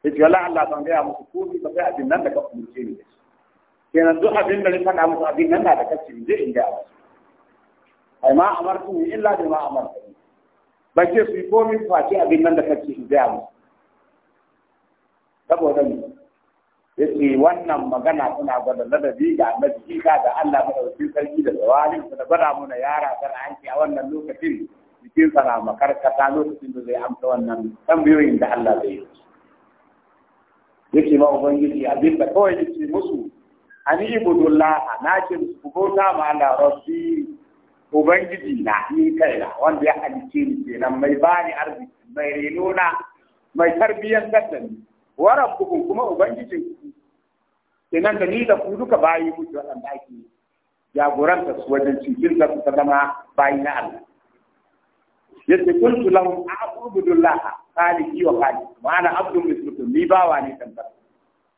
ya ce Allah ban gaya musu komi ba sai abin nan da ka umurce ni da kenan duk abin da ni faɗa musu abin nan na da kace ni zai in gaya musu ai ma amartu ni illa bima amartu ba ke su yi komi face abin nan da kace in gaya musu saboda ni yace wannan magana suna gwada ladabi ga annabi kika da Allah madaukakin sarki da zawalin da gwada mana yara sana hanki a wannan lokacin jikin sana makarkata lokacin da zai amsa wannan tambayoyin da Allah zai yi yake ma ubangiji abin da kawai yake musu an ibudullah na ce musu ku bauta ma Allah rabbi ubangiji na ni na. wanda ya halice ni kenan mai bani arziki mai reno mai tarbiyyar da wa rabbukum kuma ubangijin ku kenan da ni da ku duka bayi muke waɗanda ake jagoranta su wajen cikin da su zama bayi na Allah yace kuntu lahum a'budu khaliki wa khali ma'ana abdun mislukum ni bawa ne tamkar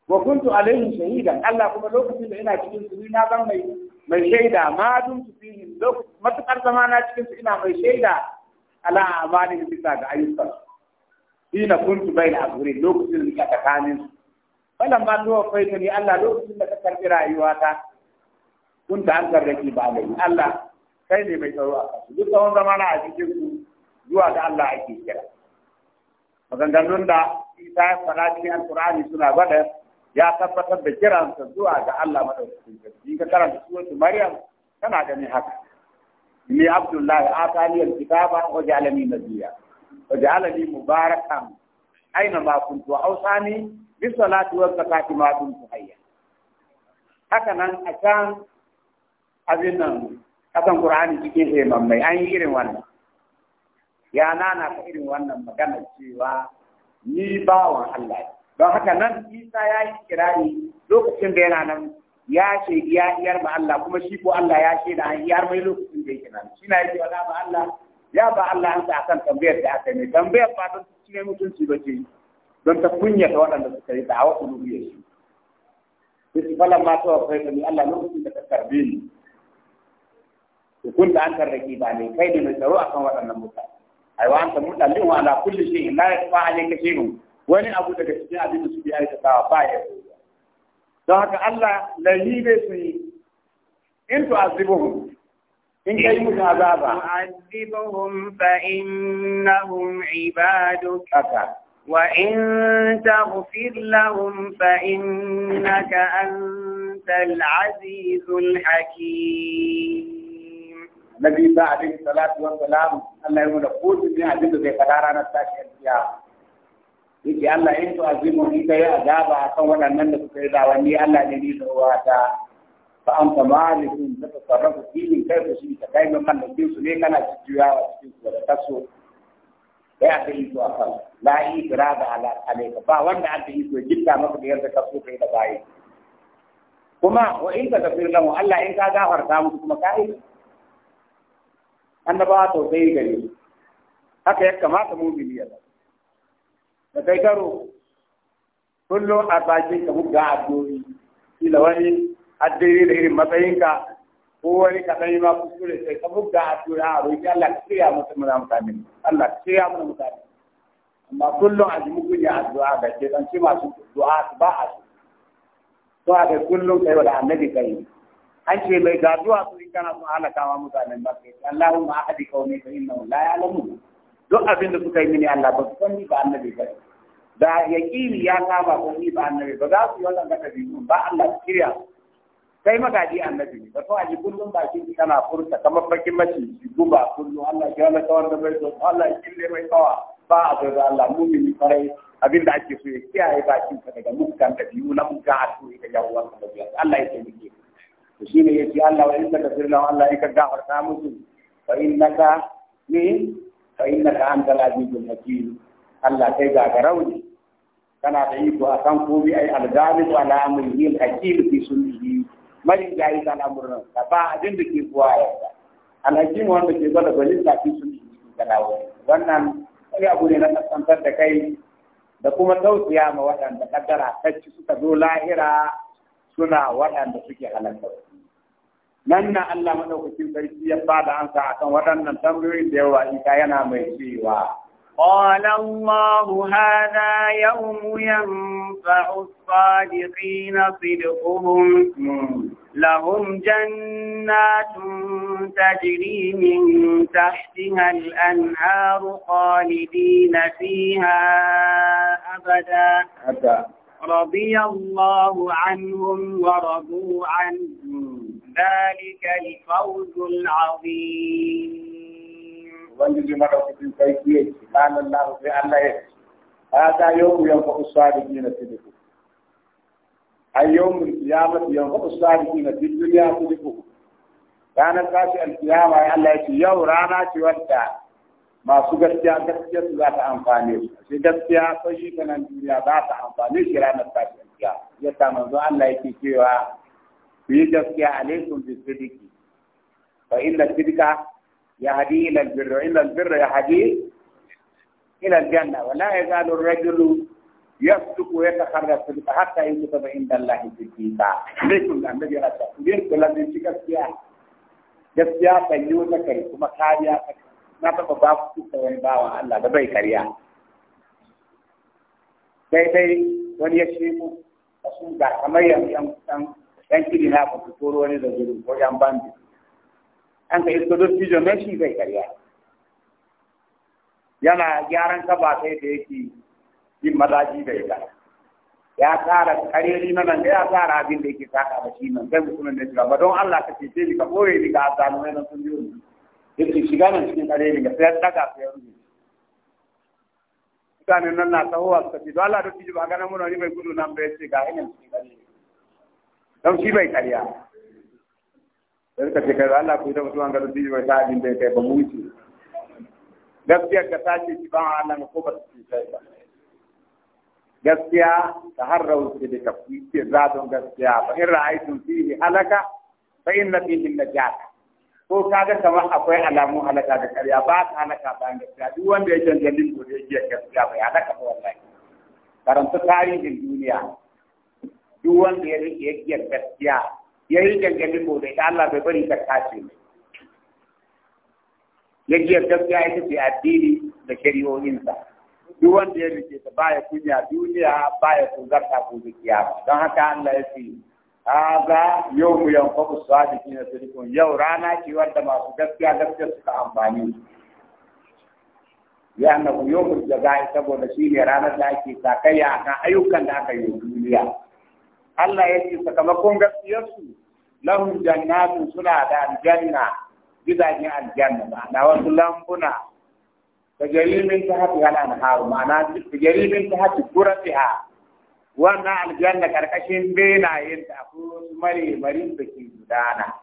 wa kuntu alaihim shahidan Allah kuma lokacin da ina cikin su na zan mai mai shaida ma dun su fihi matukar zamana cikin su ina mai shaida ala amani bisa ga ayyukan ina kuntu bayna azhurin lokacin da ka tsakanin su falan ma tuwa faita ni Allah lokacin da ka karɓi rayuwata kun ta an karɓi ba da Allah kai ne mai tsaro a kasu duk tsawon zamana a cikin su zuwa ga Allah ake kira maganganun da isa ya fara cikin alkur'ani suna gwada ya tabbatar da kiransa zuwa ga Allah madaukakin sarki ka karanta suratul maryam kana ganin haka ni abdullahi atani alkitaba wa ja'alani nabiyya wa ja'alani mubarakan aina ma kuntu awsani bi salati wa zakati ma kuntu hayya haka nan a can abin nan kasan qur'ani cikin imamai an yi irin wannan ya nana ta irin wannan magana cewa ni bawan Allah don haka nan Isa ya yi kirari lokacin da yana nan ya ce ya iyar ma Allah kuma shi ko Allah ya ce da an iyar mai lokacin da yake nan shi na yi wala ba Allah ya ba Allah an a akan tambayar da aka yi tambayar ba don cire mutunci ba ce don ta ta waɗanda suka yi da'awa a shi Bisu falan ma tawa kai ni Allah lokacin da ka karbe ni. Kun da an tarrake ba ne kai ne mai tsaro akan waɗannan mutane. ai wa anta mutallin wa ala kulli shay'in la yaqfa alayka shay'un wani abu daga cikin abin da suke aikatawa ba ya don haka Allah lahi bai su yi in to azibuhum in kai musu azaba azibuhum fa innahum ibaduk wa in taghfir lahum fa innaka antal azizul hakim Nabi Isa alaihi salatu wa salam Allah ya nuna kotun ne abin da zai faɗa ranar tashin kiyama. Yake Allah in to azimu ni kai azaba akan waɗannan da suka yi zawani Allah ne ni da wata fa an ta malikun ta tasarrafu filin kai ku shi ta kai mun mallakin su ne kana a cikin su da kaso. Kai aka yi to akan la ikra da ala alayka ba wanda aka yi to gitta maka da yarda kaso kai da bayi. Kuma wa in ka tafir lahu Allah in ka gafarta musu kuma ka yi annabawa tausayi gare gani haka ya kamata mu biliya da kai karo kullum a bakin ka ga addu'o'i ila wani addini da irin ka ko wani ka sani ma kuskure sai ka buga a tura a roƙi Allah ka ya musu muna mutane Allah ka ya muna mutane amma kullum a jimu kunya addu'a ga ke dan ce masu du'a ba a su to a kai kullum kai wala annabi kai an ce mai ga su in kana son halakawa mutanen Makka yace Allahumma ahdi qaumi fa innahum la lamu duk abin da suka yi mini Allah ba su san ni ba annabi ba da ya yaqini ya kama ko ni ba annabi ba za su yi wannan gada biyu ba Allah su kirya sai magaji annabi ba to aji kullum ba shi kana furta kamar bakin mace guba kullum Allah ya ga kawar da bai zuwa Allah ya kille mai kawa ba a da Allah mini farai abin da ake so ya kiyaye bakin ka daga mukan da biyu na mukan a turi da yawon da biyu Allah ya taimake ka shi ne ya ce Allah wa inda ka firla Allah ya ka mutu. musu fa innaka ne fa innaka antal azizul hakim Allah kai ga garauni kana da iko a kan komi ai algalibu ala amrihi alhakim fi sunnihi mali jayi kan amrun ka ba abin da ke kuwa ya alhakim wanda ke gwada gwalin da fi sunnihi ka dawo wannan sai abu ne na kasantar da kai da kuma tausaya ma waɗanda kaddara ta ci suka zo lahira suna waɗanda suke halarta. nanna Allah madaukakin sarki ya bada ansa akan waɗannan tambayoyin da yawa ka yana mai cewa قال الله هذا يوم ينفع الصادقين صدقهم لهم جنات تجري من تحتها الأنهار خالدين فيها أبدا رضي الله عنهم ورضوا عنه ذلك الفوز العظيم ubangiji madaukakin sarki ya ce kanan lahu sai Allah ya ce hada yawmu yanfa'u sadiqina sidqu ay yawmul qiyamati yanfa'u sadiqina fid dunya sidqu ranar tashi alkiyama ya Allah ce yau rana ce wadda masu gaskiya gaskiya su za ta amfane su sai gaskiya sai ta za ta manzo Allah yake cewa ku yi gaskiya alaikum bi sidiki fa inna sidika yahdi ila albirra inna albirra yahdi ya ta ku kuma kariya ta na taɓa Allah da bai karya. Sai dai mu kamar yan kiri na ba su turo wani da gudu ko yan bandi an ka iska don fijo mai shi zai karya yana gyaran kaba sai da yake yin mazaji da ya ya tsara kareri na nan ya tsara abin da yake saka da shi nan sai mutumin da shiga ba don Allah ka ce sai ka boye ni ka ga azalumai nan sun biyo ni yake shiga nan cikin kareri ga sai daga sai rubi mutane nan na tahowa suka ce don Allah da fiji ba ganin muna ni mai gudu nan bai ce ga hanyar cikin kareri don shi bai karya da suka ce kaza Allah ku yi da mutuwan gado shi bai abin da ya kai ba mu wuce gaskiyar ka tashi shi ban Allah ko ba su sai ba gaskiya ta harrau ce da kafi ce za gaskiya fa in ra'aytum fihi halaka fa inna fihi najata ko kaga kamar akwai alamun halaka da karya ba ta halaka bayan gaskiya duk wanda ya canza lin gobe ya gaskiya bai halaka ba wallahi karanta tarihin duniya duk wanda ya rike ya gaskiya ya yi gangamin gobe da Allah bai bari ka tace ya gaskiya ita ce addini da shari'o'insa duk wanda ya rike ta baya kunya duniya baya tuzarta ko kiyama don haka Allah ya ce haza yau mu yanfa ku sadi na sirikun yau rana ce wanda masu gaskiya gaskiya suka amfani ya annabu yau mu jaza'i saboda shi ne ranar da ake a kan ayyukan da aka yi duniya Allah ya ce sakamakon gaskiyarsu lahum jannatu suna da aljanna gidajen aljanna na wasu lambuna ta jarimin ta ya halan haru ma'ana ta jarimin ta hafi ha wannan aljanna ƙarƙashin benayen ta akwai wasu mare marin da ke gudana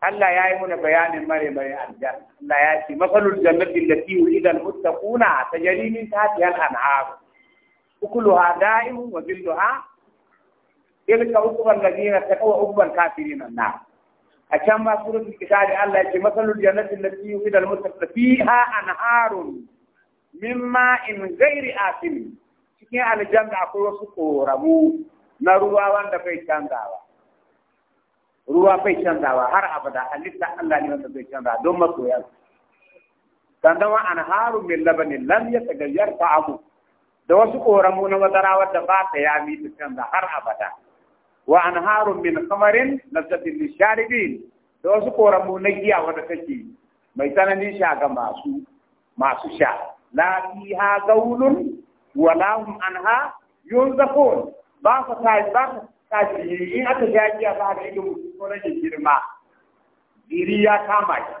Allah ya yi mana bayanin mare mare aljanna Allah ya ce masalul jannati allati wulida al-muttaquna ta jarimin ta ya halan haru ukuluha da'im wa zilluha tilka ukban ladina taqaw ukban kafirin na a can ma suratul kitab Allah ya ce masalul jannati allati yu'ida al muttaqin fiha anharun mimma in ghairi asin cikin aljanna akwai wasu koramu na ruwa wanda bai canzawa ruwa bai canzawa har abada halitta Allah ne wanda bai canza don masoya sannan wa anharu min labanin lam yatagayyar ta'amu da wasu koramu na madara wadda ba ta yami ta canza har abada wa anharun min kamarin lazzatin lisharibin da wasu koramu na giya wanda take mai tsananin sha ga masu masu sha la fiha gaulun wa lahum anha yunzafun ba ka ta ba ka ta in aka ga giya ba da ido ko rage girma diri ya kama shi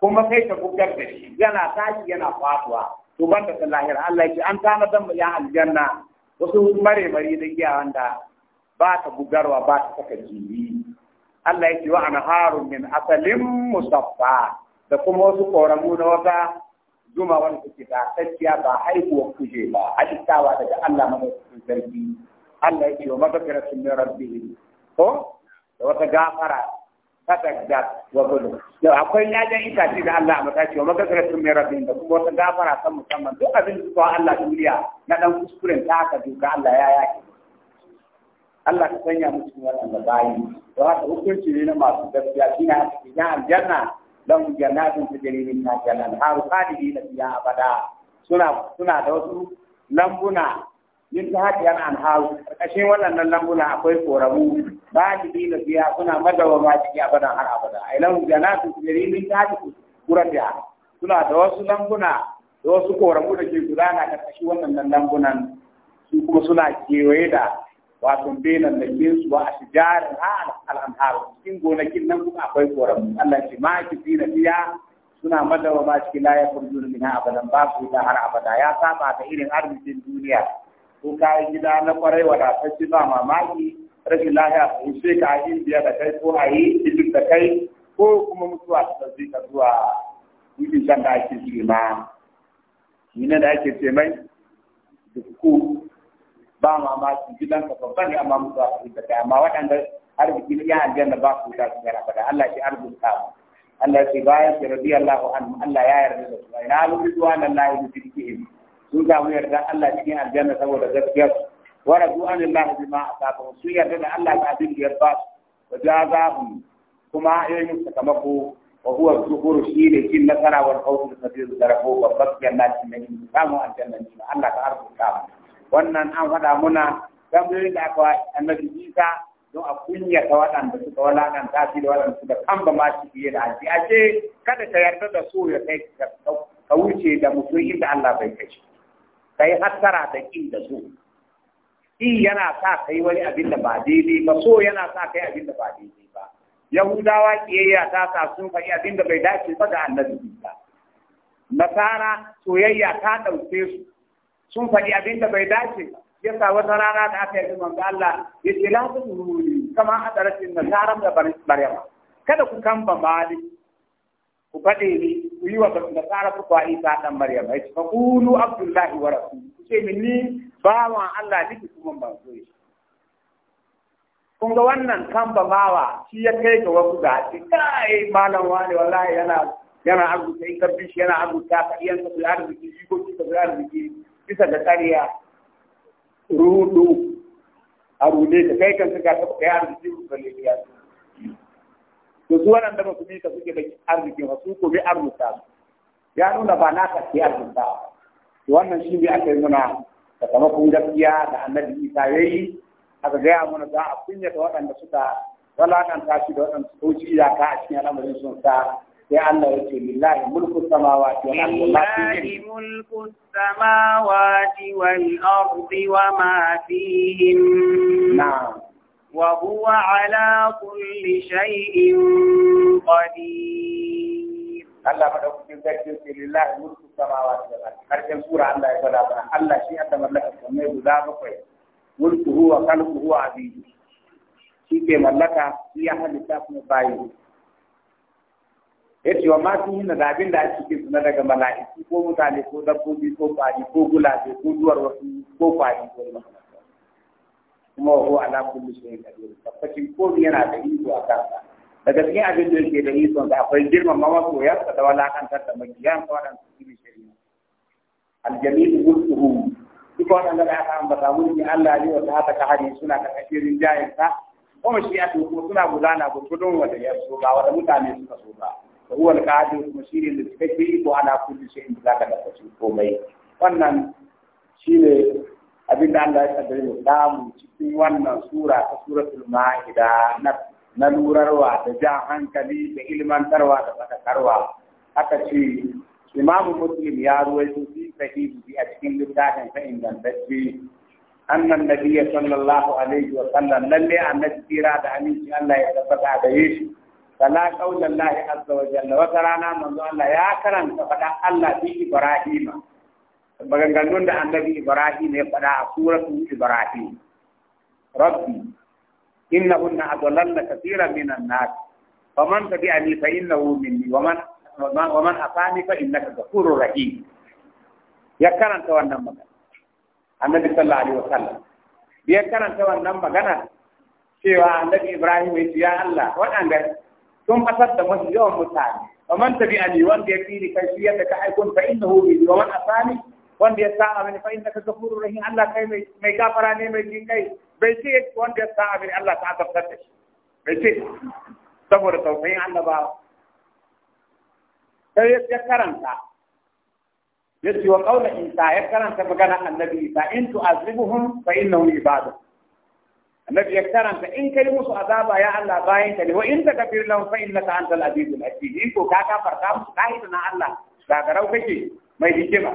kuma kai ta gugar da shi yana tashi yana fatuwa to banda ta lahira Allah ya ce an tana dan ya aljanna wasu mare mare da giya wanda ba ta bugarwa ba ta saka jiri Allah ya ce wa anharun min asalin musaffa da kuma wasu koramu na wata zuma wanda suke da tsakiya ba haihuwar kuje ba halittawa daga Allah madaukakin sarki Allah ya ce wa sun ne rabbi ko da wata gafara ta wa gudu da akwai yajen itace da Allah a ce wa sun ne rabbi da kuma wata gafara ta musamman duk abin da suka Allah duniya na dan kuskuren ta ka duka Allah ya yaki Allah ka sanya mu cikin da bayi to haka hukunci ne na masu gaskiya Ina na cikin aljanna dan jannatin su jari min ta jannan har khalidi na fiya abada suna suna da wasu lambuna min ta haka yana an hawo karkashin nan lambuna akwai koramu khalidi na fiya suna madawama ciki abada har abada ai lan jannatin su jini min ta haka biya suna da wasu lambuna da wasu koramu da ke gudana karkashin nan lambunan su kuma suna kewaye da wato benan da ke su a tijarin ha al'anhar cikin gonakin nan kuma akwai koramu Allah ce ma ki fi fiya suna madawa ma cikin la abada, min abadan ba su da har abada ya saba da irin arzikin duniya ko kayan gida na kwarai wadatacce ba mamaki rashin lahiya ko sai ka yi biya da kai ko a yi cikin da kai ko kuma mutuwa ta zai ka zuwa cikin da ake ce ma ni da ake ce mai ba ji gidanka babban ne amma musu a da kai amma waɗanda arziki na yan aljanna ba su ta su gara ba da Allah shi arzuta mu Allah shi bayan shi radiyallahu anhu Allah ya yarda da su ina zuwa nan lahi da tilkihim sun samu yarda Allah cikin aljanna saboda gaskiyar wa radu an Allah a asaba su yarda da Allah ta abin da ya ba wa jazahum kuma yayin sakamako wa huwa zuhuru shi ne cin nasara wal khawf da sabir da rabo babban jannatin nan samu aljanna Allah ka arzuta mu wannan an faɗa muna tambayoyin da aka annabi Isa don a kunyata waɗanda suka walakanta shi da waɗanda suka kamba ma shi fiye da aji a ce kada ka yarda da so ya kai ka wuce da mutum inda Allah bai kai shi ka yi hattara da ƙin da so ƙi yana sa ka yi wani abin da ba daidai ba so yana sa ka yi abin da ba daidai ba Yahudawa ƙiyayya ta sa sun faɗi abin da bai dace ba ga annabi Isa Nasara soyayya ta ɗauke su sun faɗi abin da bai dace ya sa wata rana da aka yi manzo Allah ya ce la tudruni kama hadaratin nasaran da baryama kada ku kamba mali ku faɗe ni ku yi wa nasara ku kwai ta dan maryam ya ce fa abdullahi wa rasuluhu ku ce min ni bawan Allah nake kuma manzo ya kun ga wannan kamba bawa shi ya kai ga wasu da shi kai malam wani wallahi yana yana arzuta in kabbi yana arzuta ka iyan ka arziki shi ko ki da arziki bisa da tsariya rudu a rude ta kai kan suka taɓa kai arzikin su balle ya su to su wannan da su mika suke da arzikin ba su ko bi arzuta ya nuna ba na ka ke ba to wannan shi ne aka yi muna kun gaskiya da annabi isa ya yi ga gaya mana za a kunyata waɗanda suka walakanta shi da waɗanda suka ya iyaka a cikin al'amarin sun sa sai Allah ya ce lillahi mulku samawati wal ardi lillahi mulku samawati wal ardi wa ma fihim na'am wa huwa ala kulli shay'in qadir Allah madaukakin sarki ce lillahi mulku samawati wal ardi karshen sura Allah ya faɗa mana Allah shi ya mallaka kamar guda bakwai mulku huwa khalquhu wa abidu shi ke mallaka shi ya halitta kuma bayi ya ce wa masu yin da abin da ake cikin suna daga mala'iku ko mutane ko dabbobi ko kwari ko gulabe ko duwar wasu ko kwari ko makamantar kuma wa ko ala kullu shay'in qadir tabbacin ko yana da iko a kansa daga cikin abin da yake da iko da akwai girmama masoyarsa da walakantar da makiyan kwanan su cikin shari'a aljamilu mulkuhu duk waɗanda da aka ambata mulki Allah ne wata aka ta hari suna karkashin rinjayen sa kuma shi a kuma suna gudana gurgudun wanda ya so ba wanda mutane suka so ba da kuma shine da cikakke iko ala kulli shay'in da zaka dafa shi komai wannan shine abin da Allah ya kaddare mu damu cikin wannan sura ta suratul ma'ida na na lurarwa da jan hankali da ilmantarwa da sadakarwa haka ce imam muslim ya ruwaito fi sahihi a cikin littafin sa ingantacce annan nabiyya sallallahu alaihi wa sallam lalle annabi tira da aminci Allah ya tabbata da yeshi sala ƙaunar lahi azza wa jalla wata rana manzo Allah ya karanta faɗa Allah bi Ibrahim maganganun da annabi Ibrahim ya faɗa a su Ibrahim rabbi innahunna adallalna kathiran minan nas faman tabi'ani fa innahu minni Wa waman afani fa innaka ghafurur rahim ya karanta wannan magana annabi sallallahu alaihi wasallam ya karanta wannan magana cewa annabi Ibrahim ya ce ya Allah waɗanda ثم أسد da يوم الثاني ومن تبعني وان يبيني كيفيتك حيكون فإنه لي ومن أساني وان يساء من فإنك غفور رحيم الله كي مي غفراني مي جنكي بيتي وان يساء من الله تعذب تتش بيتي صبر توفي عن نبا sai ya karanta ya ce wa ƙaunar isa ya karanta magana annabi isa in tu'azibuhum fa annabi ya karanta in kai musu azaba ya Allah bayan ka ne wa in takfir lahum fa innaka antal azizul hakim in ko ka kafarta musu kai na Allah da garau kake mai hikima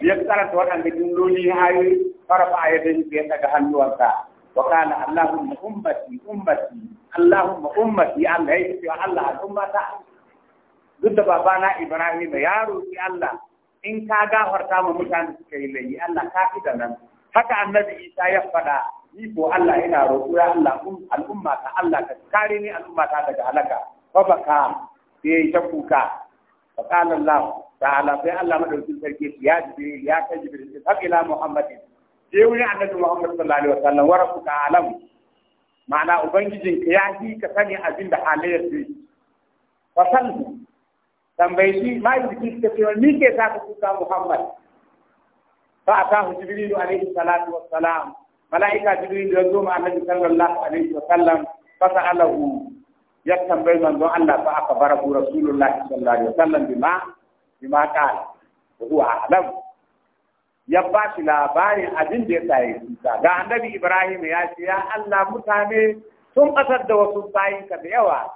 ya karanta waɗanda jumloli ayoyi farafa ayatin ya daga hannuwanka wa kana allahumma ummati ummati allahumma ummati Allah ya ce Allah al'ummata duk da babana Ibrahim ya roki Allah in ka gafarta mu mutane suka yi layi Allah ka fi da nan haka annabi Isa ya faɗa iko Allah yana roƙo ya Allah um, al'umma ta Allah ka kare ni al'umma ta daga halaka fa baka sai ta kuka fa qala Allah ta'ala fa Allah madaukakin sarki ya jibril ya kai jibril ta ila muhammadin sai wuri annabi muhammad sallallahu alaihi wasallam wa rabbuka alam ma'ana ubangijin ka ya yi ka sani abin da halayyar su fa sallu tambayi shi mai yi ka ce ni ke sa ka kuka muhammad fa atahu jibril alaihi salatu wassalam malaika jibril da zo ma annabi sallallahu alaihi wa sallam fa sa'alahu ya tambaye manzo Allah fa aka bara ku rasulullah sallallahu alaihi wa sallam bima bima qala wa huwa a'lam ya ba shi labarin abin da ya tsaye ga annabi Ibrahim ya ce ya Allah mutane sun kasar da wasu ka da yawa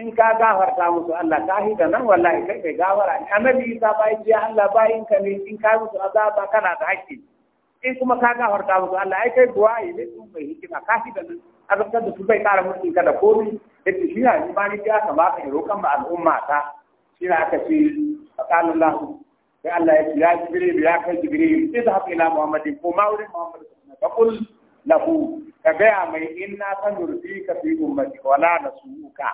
in ka gafarta musu Allah ka hi da nan wallahi kai kai gafara annabi Isa ba ya ce ya Allah bayinka ne in ka musu azaba kana da haƙƙi in kuma ka ga gafarta musu Allah ai kai yi ne sun mai hikima ka shi da nan azabtar da su bai kara ka kada komai yadda shi ya yi imani ya kamata in roƙan ba al'umma ta shi na aka ce faƙalin lahu sai Allah ya ce ya jibril ya kai jibril haƙi na muhammadin ko ma wurin muhammadin fa qul lahu ka gaya mai inna ka fi ummati wala nasuka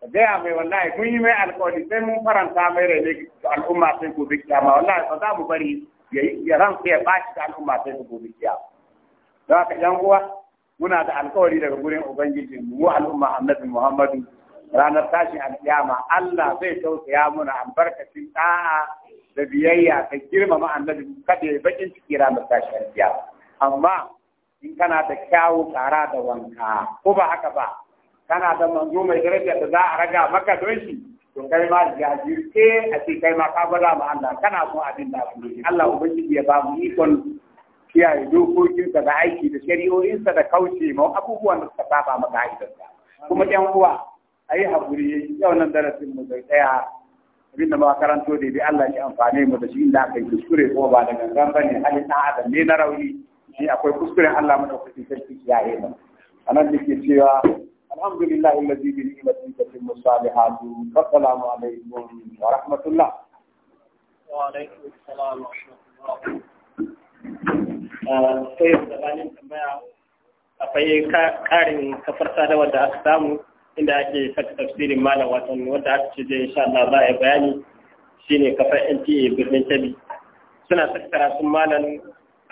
ka gaya mai wallahi mun yi mai alƙawari sai mun faranta mai rai ne al'umma sai gobe ma. wallahi ba za mu bari ya ranku ya shi da al'umma sai su gobe kiyama don haka yan uwa muna da alkawari daga gurin ubangiji mu al'umma annabi muhammadu ranar tashin alkiyama Allah zai tausaya muna albarkacin da'a da biyayya da girmama annabi kada ya yi bakin ciki ranar tashin alkiyama amma in kana da kyawu kara da wanka ko ba haka ba kana da manzo mai daraja da za a raga maka don shi to kai ma ga jirke a ce kai ma ka bada ma Allah kana son abin da ku Allah ubangiji ya ba mu ikon kiyaye dokokinsa da aiki da sa da kauce ma abubuwan da suka saba ma ka'idarsa kuma ɗan uwa ayi hakuri yau nan darasin mu zai tsaya da ma karanto da bi Allah ya amfane mu da shi inda aka yi kuskure ko ba da gangan bane halin ɗan adam ne na rauni shi akwai kuskuren Allah madaukakin sarki ya yi mu anan da ke cewa الحمد لله الذي بنعمته تتم الصالحات والسلام عليكم ورحمة الله وعليكم السلام ورحمة الله sai gabanin tambaya akwai karin kafar sadarwa da aka samu inda ake saka tafsirin malam watan wanda aka ce zai insha Allah za a bayani shine kafar NTA birnin Kebbi suna saka karatun malam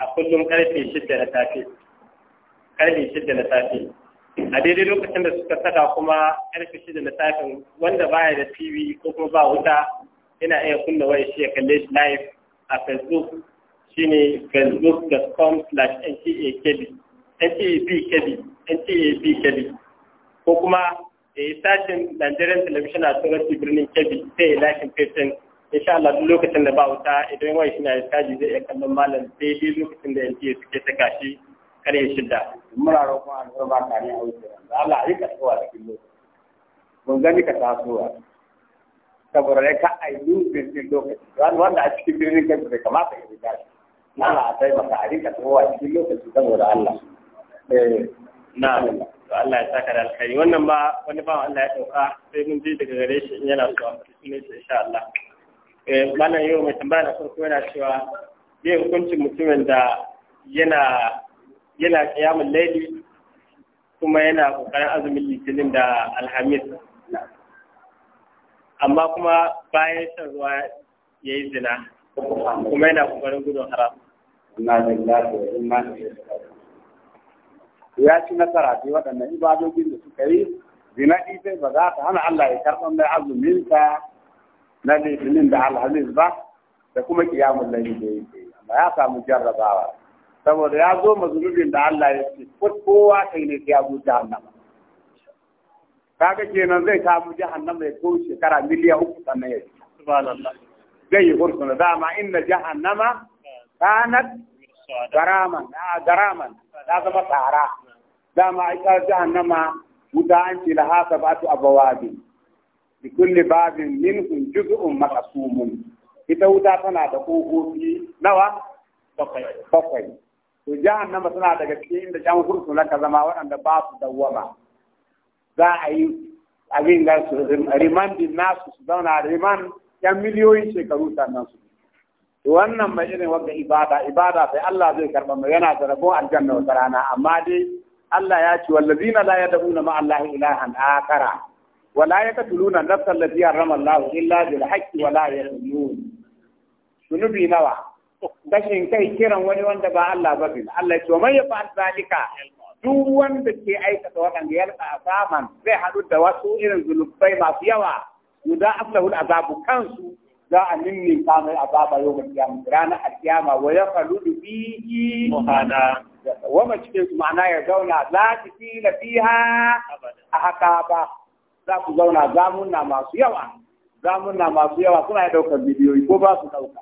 a kullum karfe 6 da safe karfe 6 da safe a daidai lokacin da suka saka kuma karfe shida na safin wanda baya da tv ko kuma ba wuta yana iya kunna waya shi ya kalle live a facebook shine facebook.com slash ntakb ntabkb ko kuma da ya sashin nigerian television a turanci birnin kebbi sai ya lashin fesin insha Allah lokacin da ba wuta idan waya shi na ya saji, zai iya kallon malam daidai lokacin da yanzu suke saka shi karya shidda muna roƙon ka ne a wuce wanda Allah ya kasuwa cikin lokaci mun gani ka taso wa saboda dai ka a yi birnin lokaci wanda a cikin birnin kai bai kamata ya riga shi Allah a taimaka a rika tasowa cikin lokaci saboda Allah eh. na to Allah ya saka da alkhairi wannan ba wani ba Allah ya dauka sai mun ji daga gare shi in yana so a cikin shi insha Allah eh mana yau mai tambaya na farko yana cewa zai hukuncin mutumin da yana yana kiyamun laili kuma yana kokarin azumin litinin da alhamis amma kuma bayan shan ruwa ya yi zina kuma yana kokarin gudun haram ya ci nasara ce waɗannan ibadojin da suka yi zina ita ba za ta hana Allah ya karɓar mai azuminsa na litinin da alhamis ba da kuma kiyamun laili da yi amma ya samu jarrabawa saboda ya zo mazunubin da Allah ya ce kowa kai ne sai ya zo jahannama kaga kenan zai samu jahannama ya ko shekara miliyan uku sannan ya ci zai yi gursuna dama inna jahannama kanat garaman garaman ta zama tsara dama ita jahannama wuta an ce laha sabatu abawabi bi kulli babin minhum juz'un maqsumun ita wuta tana da kofofi nawa bakwai to jahannama suna daga cikin inda jan hurtu na ka zama waɗanda ba su dawwama za a yi abin da su rimandin nasu su zauna riman yan miliyoyin shekaru sannan su to wannan mai irin wanda ibada ibada sai Allah zai karba mai yana da rabo aljanna wata rana amma dai Allah ya ce wallazina la yad'una ma Allah ilahan akara Wala yaqtuluna nafsan allati harrama Allah illa bil haqqi wa la sunubi nawa gashin kai kiran wani wanda ba Allah ba bin Allah ya ce man ya fa'al zalika duk wanda ke aikata waɗanda ya rika asaman zai haɗu da wasu irin zulubai masu yawa yuda aflahu azabu kansu za a ninni kamar azaba yau ga kiyama ranar alkiyama wa ya falu da bihi wa mace su ma'ana ya zauna za ki fi fiha. a haka ba za ku zauna zamuna masu yawa zamuna masu yawa suna ya ɗaukar bidiyoyi ko ba su ɗauka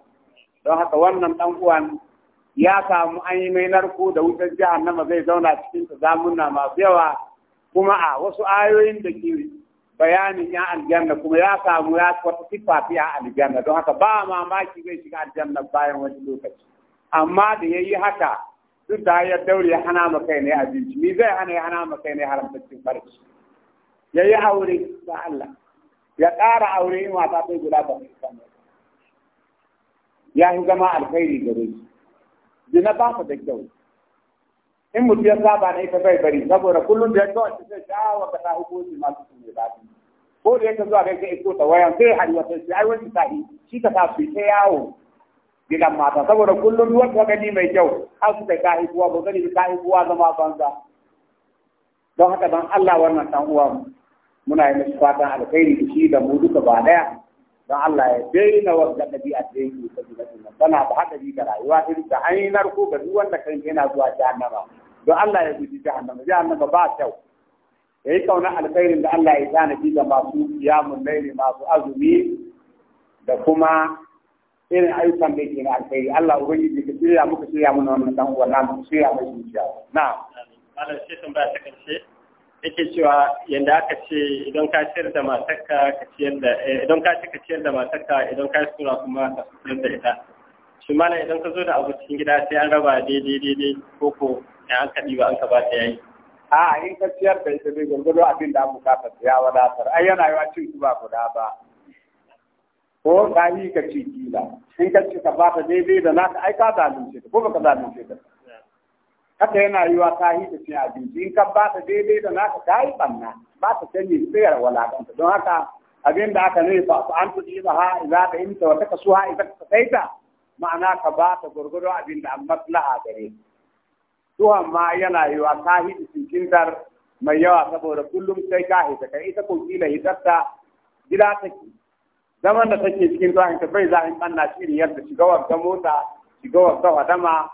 don haka wannan ɗan uwan ya samu an yi mai narko da wutar nama zai zauna cikin ta zamuna masu yawa kuma a wasu ayoyin da ke bayanin ya aljanna kuma ya samu ya wata siffa ya aljanna don haka ba mamaki zai shiga aljanna bayan wani lokaci amma da ya yi haka duk da ya daure ya hana ma kai ne abinci ni zai hana ya hana ma kai ne haramtaccen farci ya yi aure da Allah ya ƙara aure in wata sai guda ba mai ya yi zama alkhairi gare shi zina ba ka da kyau in mutum ya saba na ita bai bari saboda kullum da ya zo a cikin sha'awa ka ta hukunci masu su ne lafi ko da yake zuwa kai ka ta wayan sai hariwa sai shi ai wani ta yi shi ka ta su ta yawo gidan mata saboda kullum duwar ka gani mai kyau har su kai yi kuwa ba gani yi kuwa zama banza don haka dan Allah wannan dan uwa muna yi mishi fatan alkhairi da shi da mu duka ba daya don Allah ya daina wanda ɗabi'a da yake ta gidajen nan tana da haɗari ga rayuwa irin da an yi narko ga duk wanda kan yana zuwa jahannama don Allah ya guji jahannama jahannama ba kyau ya yi kauna alkhairin da Allah ya fi ga masu kiyamun laili masu azumi da kuma irin ayyukan da yake na alkhairi Allah ubangiji ka shirya muka shirya mana wannan dan uwa na shirya mai zuciya na malam sai tambaya ta karshe yake cewa yadda aka ce idan ka ciyar da matarka ka ciyar da eh, idan ka ci ka ciyar da matarka idan ka suna kuma ka ciyar da ita shi mana idan ka zo da abu cikin gida sai an raba daidai daidai ko ko ya an kaɗi ba an ka ba ta yayi a in ka ciyar da ita dai gwargwado abin da an bukata ya wadatar ai yana yawa cin su ba guda ba ko ka yi ka ci kila in ka ci ka ba ta daidai da naka ai ka zalunce ta ko ba ka zalunce ta haka yana yi wa ta hita cin abinci in ka ba ta daidai da naka ta yi banna ba ta canji tsayar walakanta don haka abin da aka nufi fa an tuɗi ba ha za ka imta wata ka suha idan ka ta ma'ana ka ba ta gurgudo abin da an maslaha gare suhan ma yana yi wa ta hita cin mai yawa saboda kullum sai ka hita kai ita ko kila hitarta gida take zaman da take cikin zuwa ta bai za a yi banna shi ne yadda shiga wata mota shiga wata wadama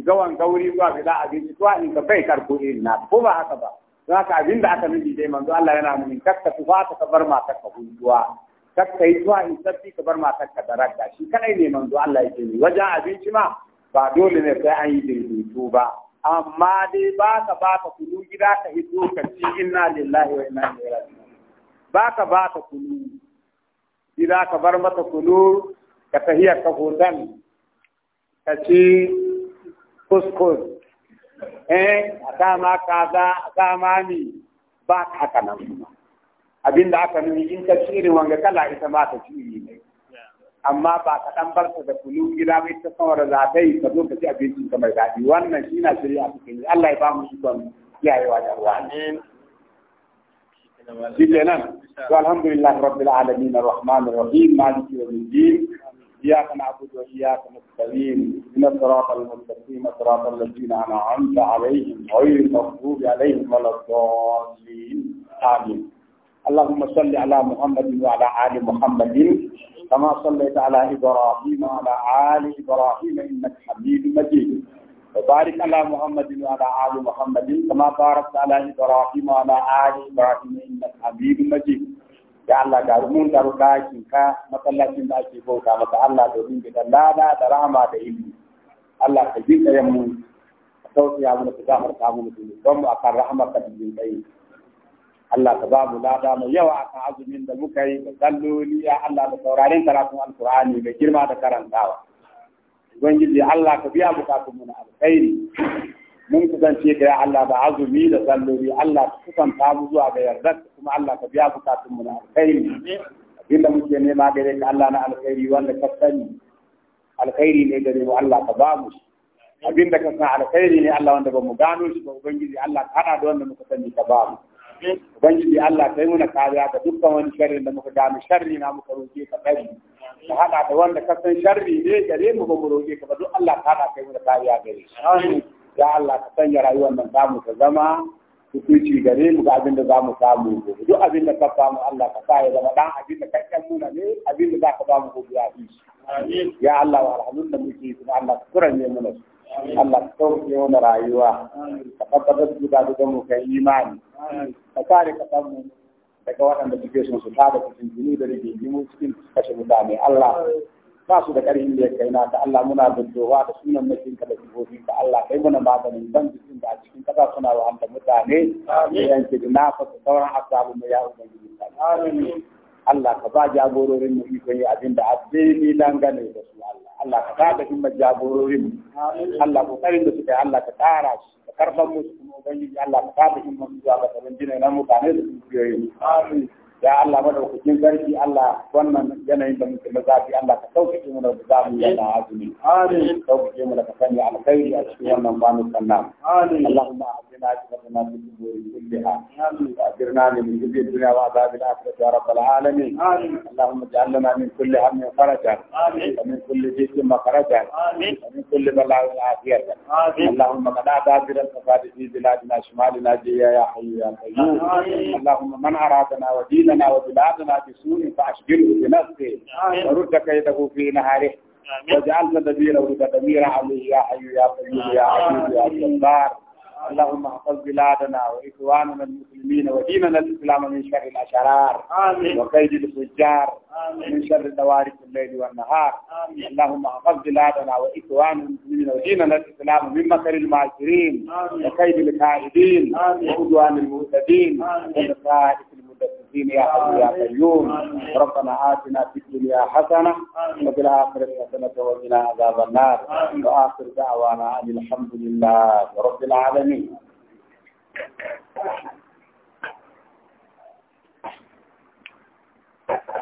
gawan gauri zuwa ga da abinci su in ka bai karko irin na ko ba haka ba za ka abin da aka nufi dai manzo Allah yana nuni kakka tufa ka bar matar ka hunduwa kakka yi zuwa in sabbi ka bar matar ka daraja shi kadai ne manzo Allah yake ni wajen abinci ma ba dole ne sai an yi daidaito ba amma dai ba ka ba ka kunu gida ka hito ka ci inna lillahi wa inna ilaihi raji'un ba ka ba ka kunu gida ka bar mata kunu ka tahiyar ka hoton ka ci kuskus eh a kaza a ni ba haka nan kuma abinda aka nuni in ka shiri wanga kala ita ma ta shiri ne amma ba ka dan bar da kulu gida mai ta saboda za ta yi ka zo ka ci abincin ka mai daɗi wannan shi na shiri a cikin Allah ya ba mu ikon kiyayewa da ruwa shi kenan to alhamdulillah rabbil alamin arrahmanir rahim maliki yawmiddin إياك نعبد وإياك نستعين إن الصراط المستقيم صراط الذين أنعمت عليهم غير المغضوب عليهم ولا الضالين آمين اللهم صل على محمد وعلى آل محمد كما صليت على إبراهيم وعلى آل إبراهيم إنك حميد مجيد وبارك على محمد وعلى آل محمد كما باركت على إبراهيم وعلى آل إبراهيم إنك حميد مجيد da Allah ga mun garu ɗakin ka masallacin da ake bauta maka Allah domin da lada da rahama da ilmi Allah ka ji kayan mu ka ya mu da kudamar ta mu mutum don mu akan rahama ka jin kai Allah ka ba mu lada mai yawa akan azumin da muka yi da salloli ya Allah da sauraren karatun alkur'ani mai girma da karantawa ubangiji Allah ka biya bukatun mu na alkhairi mun kusance ka ya Allah da azumi da salloli Allah ka kusanta mu zuwa ga yardarka kuma Allah ka biya bukatun mu na alkhairi abinda muke nema gare ka Allah na alkhairi wanda ka sani alkhairi ne gare mu Allah ka ba mu shi abinda ka san alkhairi ne Allah wanda ba mu gano shi ba ubangiji Allah ka hada da wanda muka sani ka ba mu ubangiji Allah kai na kariya ga dukkan wani sharri da muka gano sharri na muka roke ka tsari ka hada da wanda ka san sharri ne gare mu ba mu roke ka ba duk Allah ka hada kai na kariya gare shi ya Allah ka sanya rayuwar nan zamu ta zama hukunci gare mu ga abin da zamu samu duk abin da ka samu Allah ka sa ya zama dan abin da kakkan muna ne abin da zaka ba mu gobe ya fi ya Allah wa alhamdulillah muke kuma Allah ka ne mu nasu. Allah ka sauke wani rayuwa, ka tabbatar da da da mu kai imani, ka kare ka mu daga waɗanda suke son su tada cikin jini da rigingimu cikin kashe mutane. Allah ba su da ƙarfin da ya kai naka Allah muna da sunan ka da jihohin ka Allah kai muna maganin ban jikin da a cikin kasa suna wahalar mutane da yanke da nafa sauran asabu Allah ka ba jagororin mu yi abin da addini dangane da su Allah Allah ka ba da himmar jagororin mu Allah da Allah ka ka kuma ubangiji Allah ka ba da himmar zuwa ga jinai na mutane da su amin يا الله ما دوك جين غاري الله فنن جنين دم مزابي الله توك جين من الزاب يا الله عظيم امين توك الله من كفاني على خير يا شيخ الله من بان الله امين اللهم اجنا جبنا في الدور كلها امين اجرنا من جبي الدنيا وعذاب الاخره يا رب العالمين امين اللهم اجعلنا من كل هم فرجا من ومن كل ضيق مخرجا امين من كل بلاء عافيه امين اللهم قد عذابنا الفساد في بلادنا شمالنا جي يا حي يا قيوم اللهم من ارادنا ودينا أهلنا وبلادنا بسوء فأشغله بنفسه ورد كيده في نهاره وجعلنا ورد دميرا عليه يا حي يا قيوم يا عزيز يا جبار اللهم احفظ بلادنا واخواننا المسلمين وديننا الاسلام من شر الاشرار امين وكيد الفجار من شر دوارق الليل والنهار آمين. اللهم احفظ بلادنا واخواننا المسلمين وديننا الاسلام من مكر الماكرين وكيد الكائدين وعدوان المعتدين ومصائب الدين يا حي يا قيوم ربنا آتنا في الدنيا حسنة وفي الآخرة حسنة وقنا عذاب النار وآخر دعوانا أن الحمد لله رب العالمين Thank you.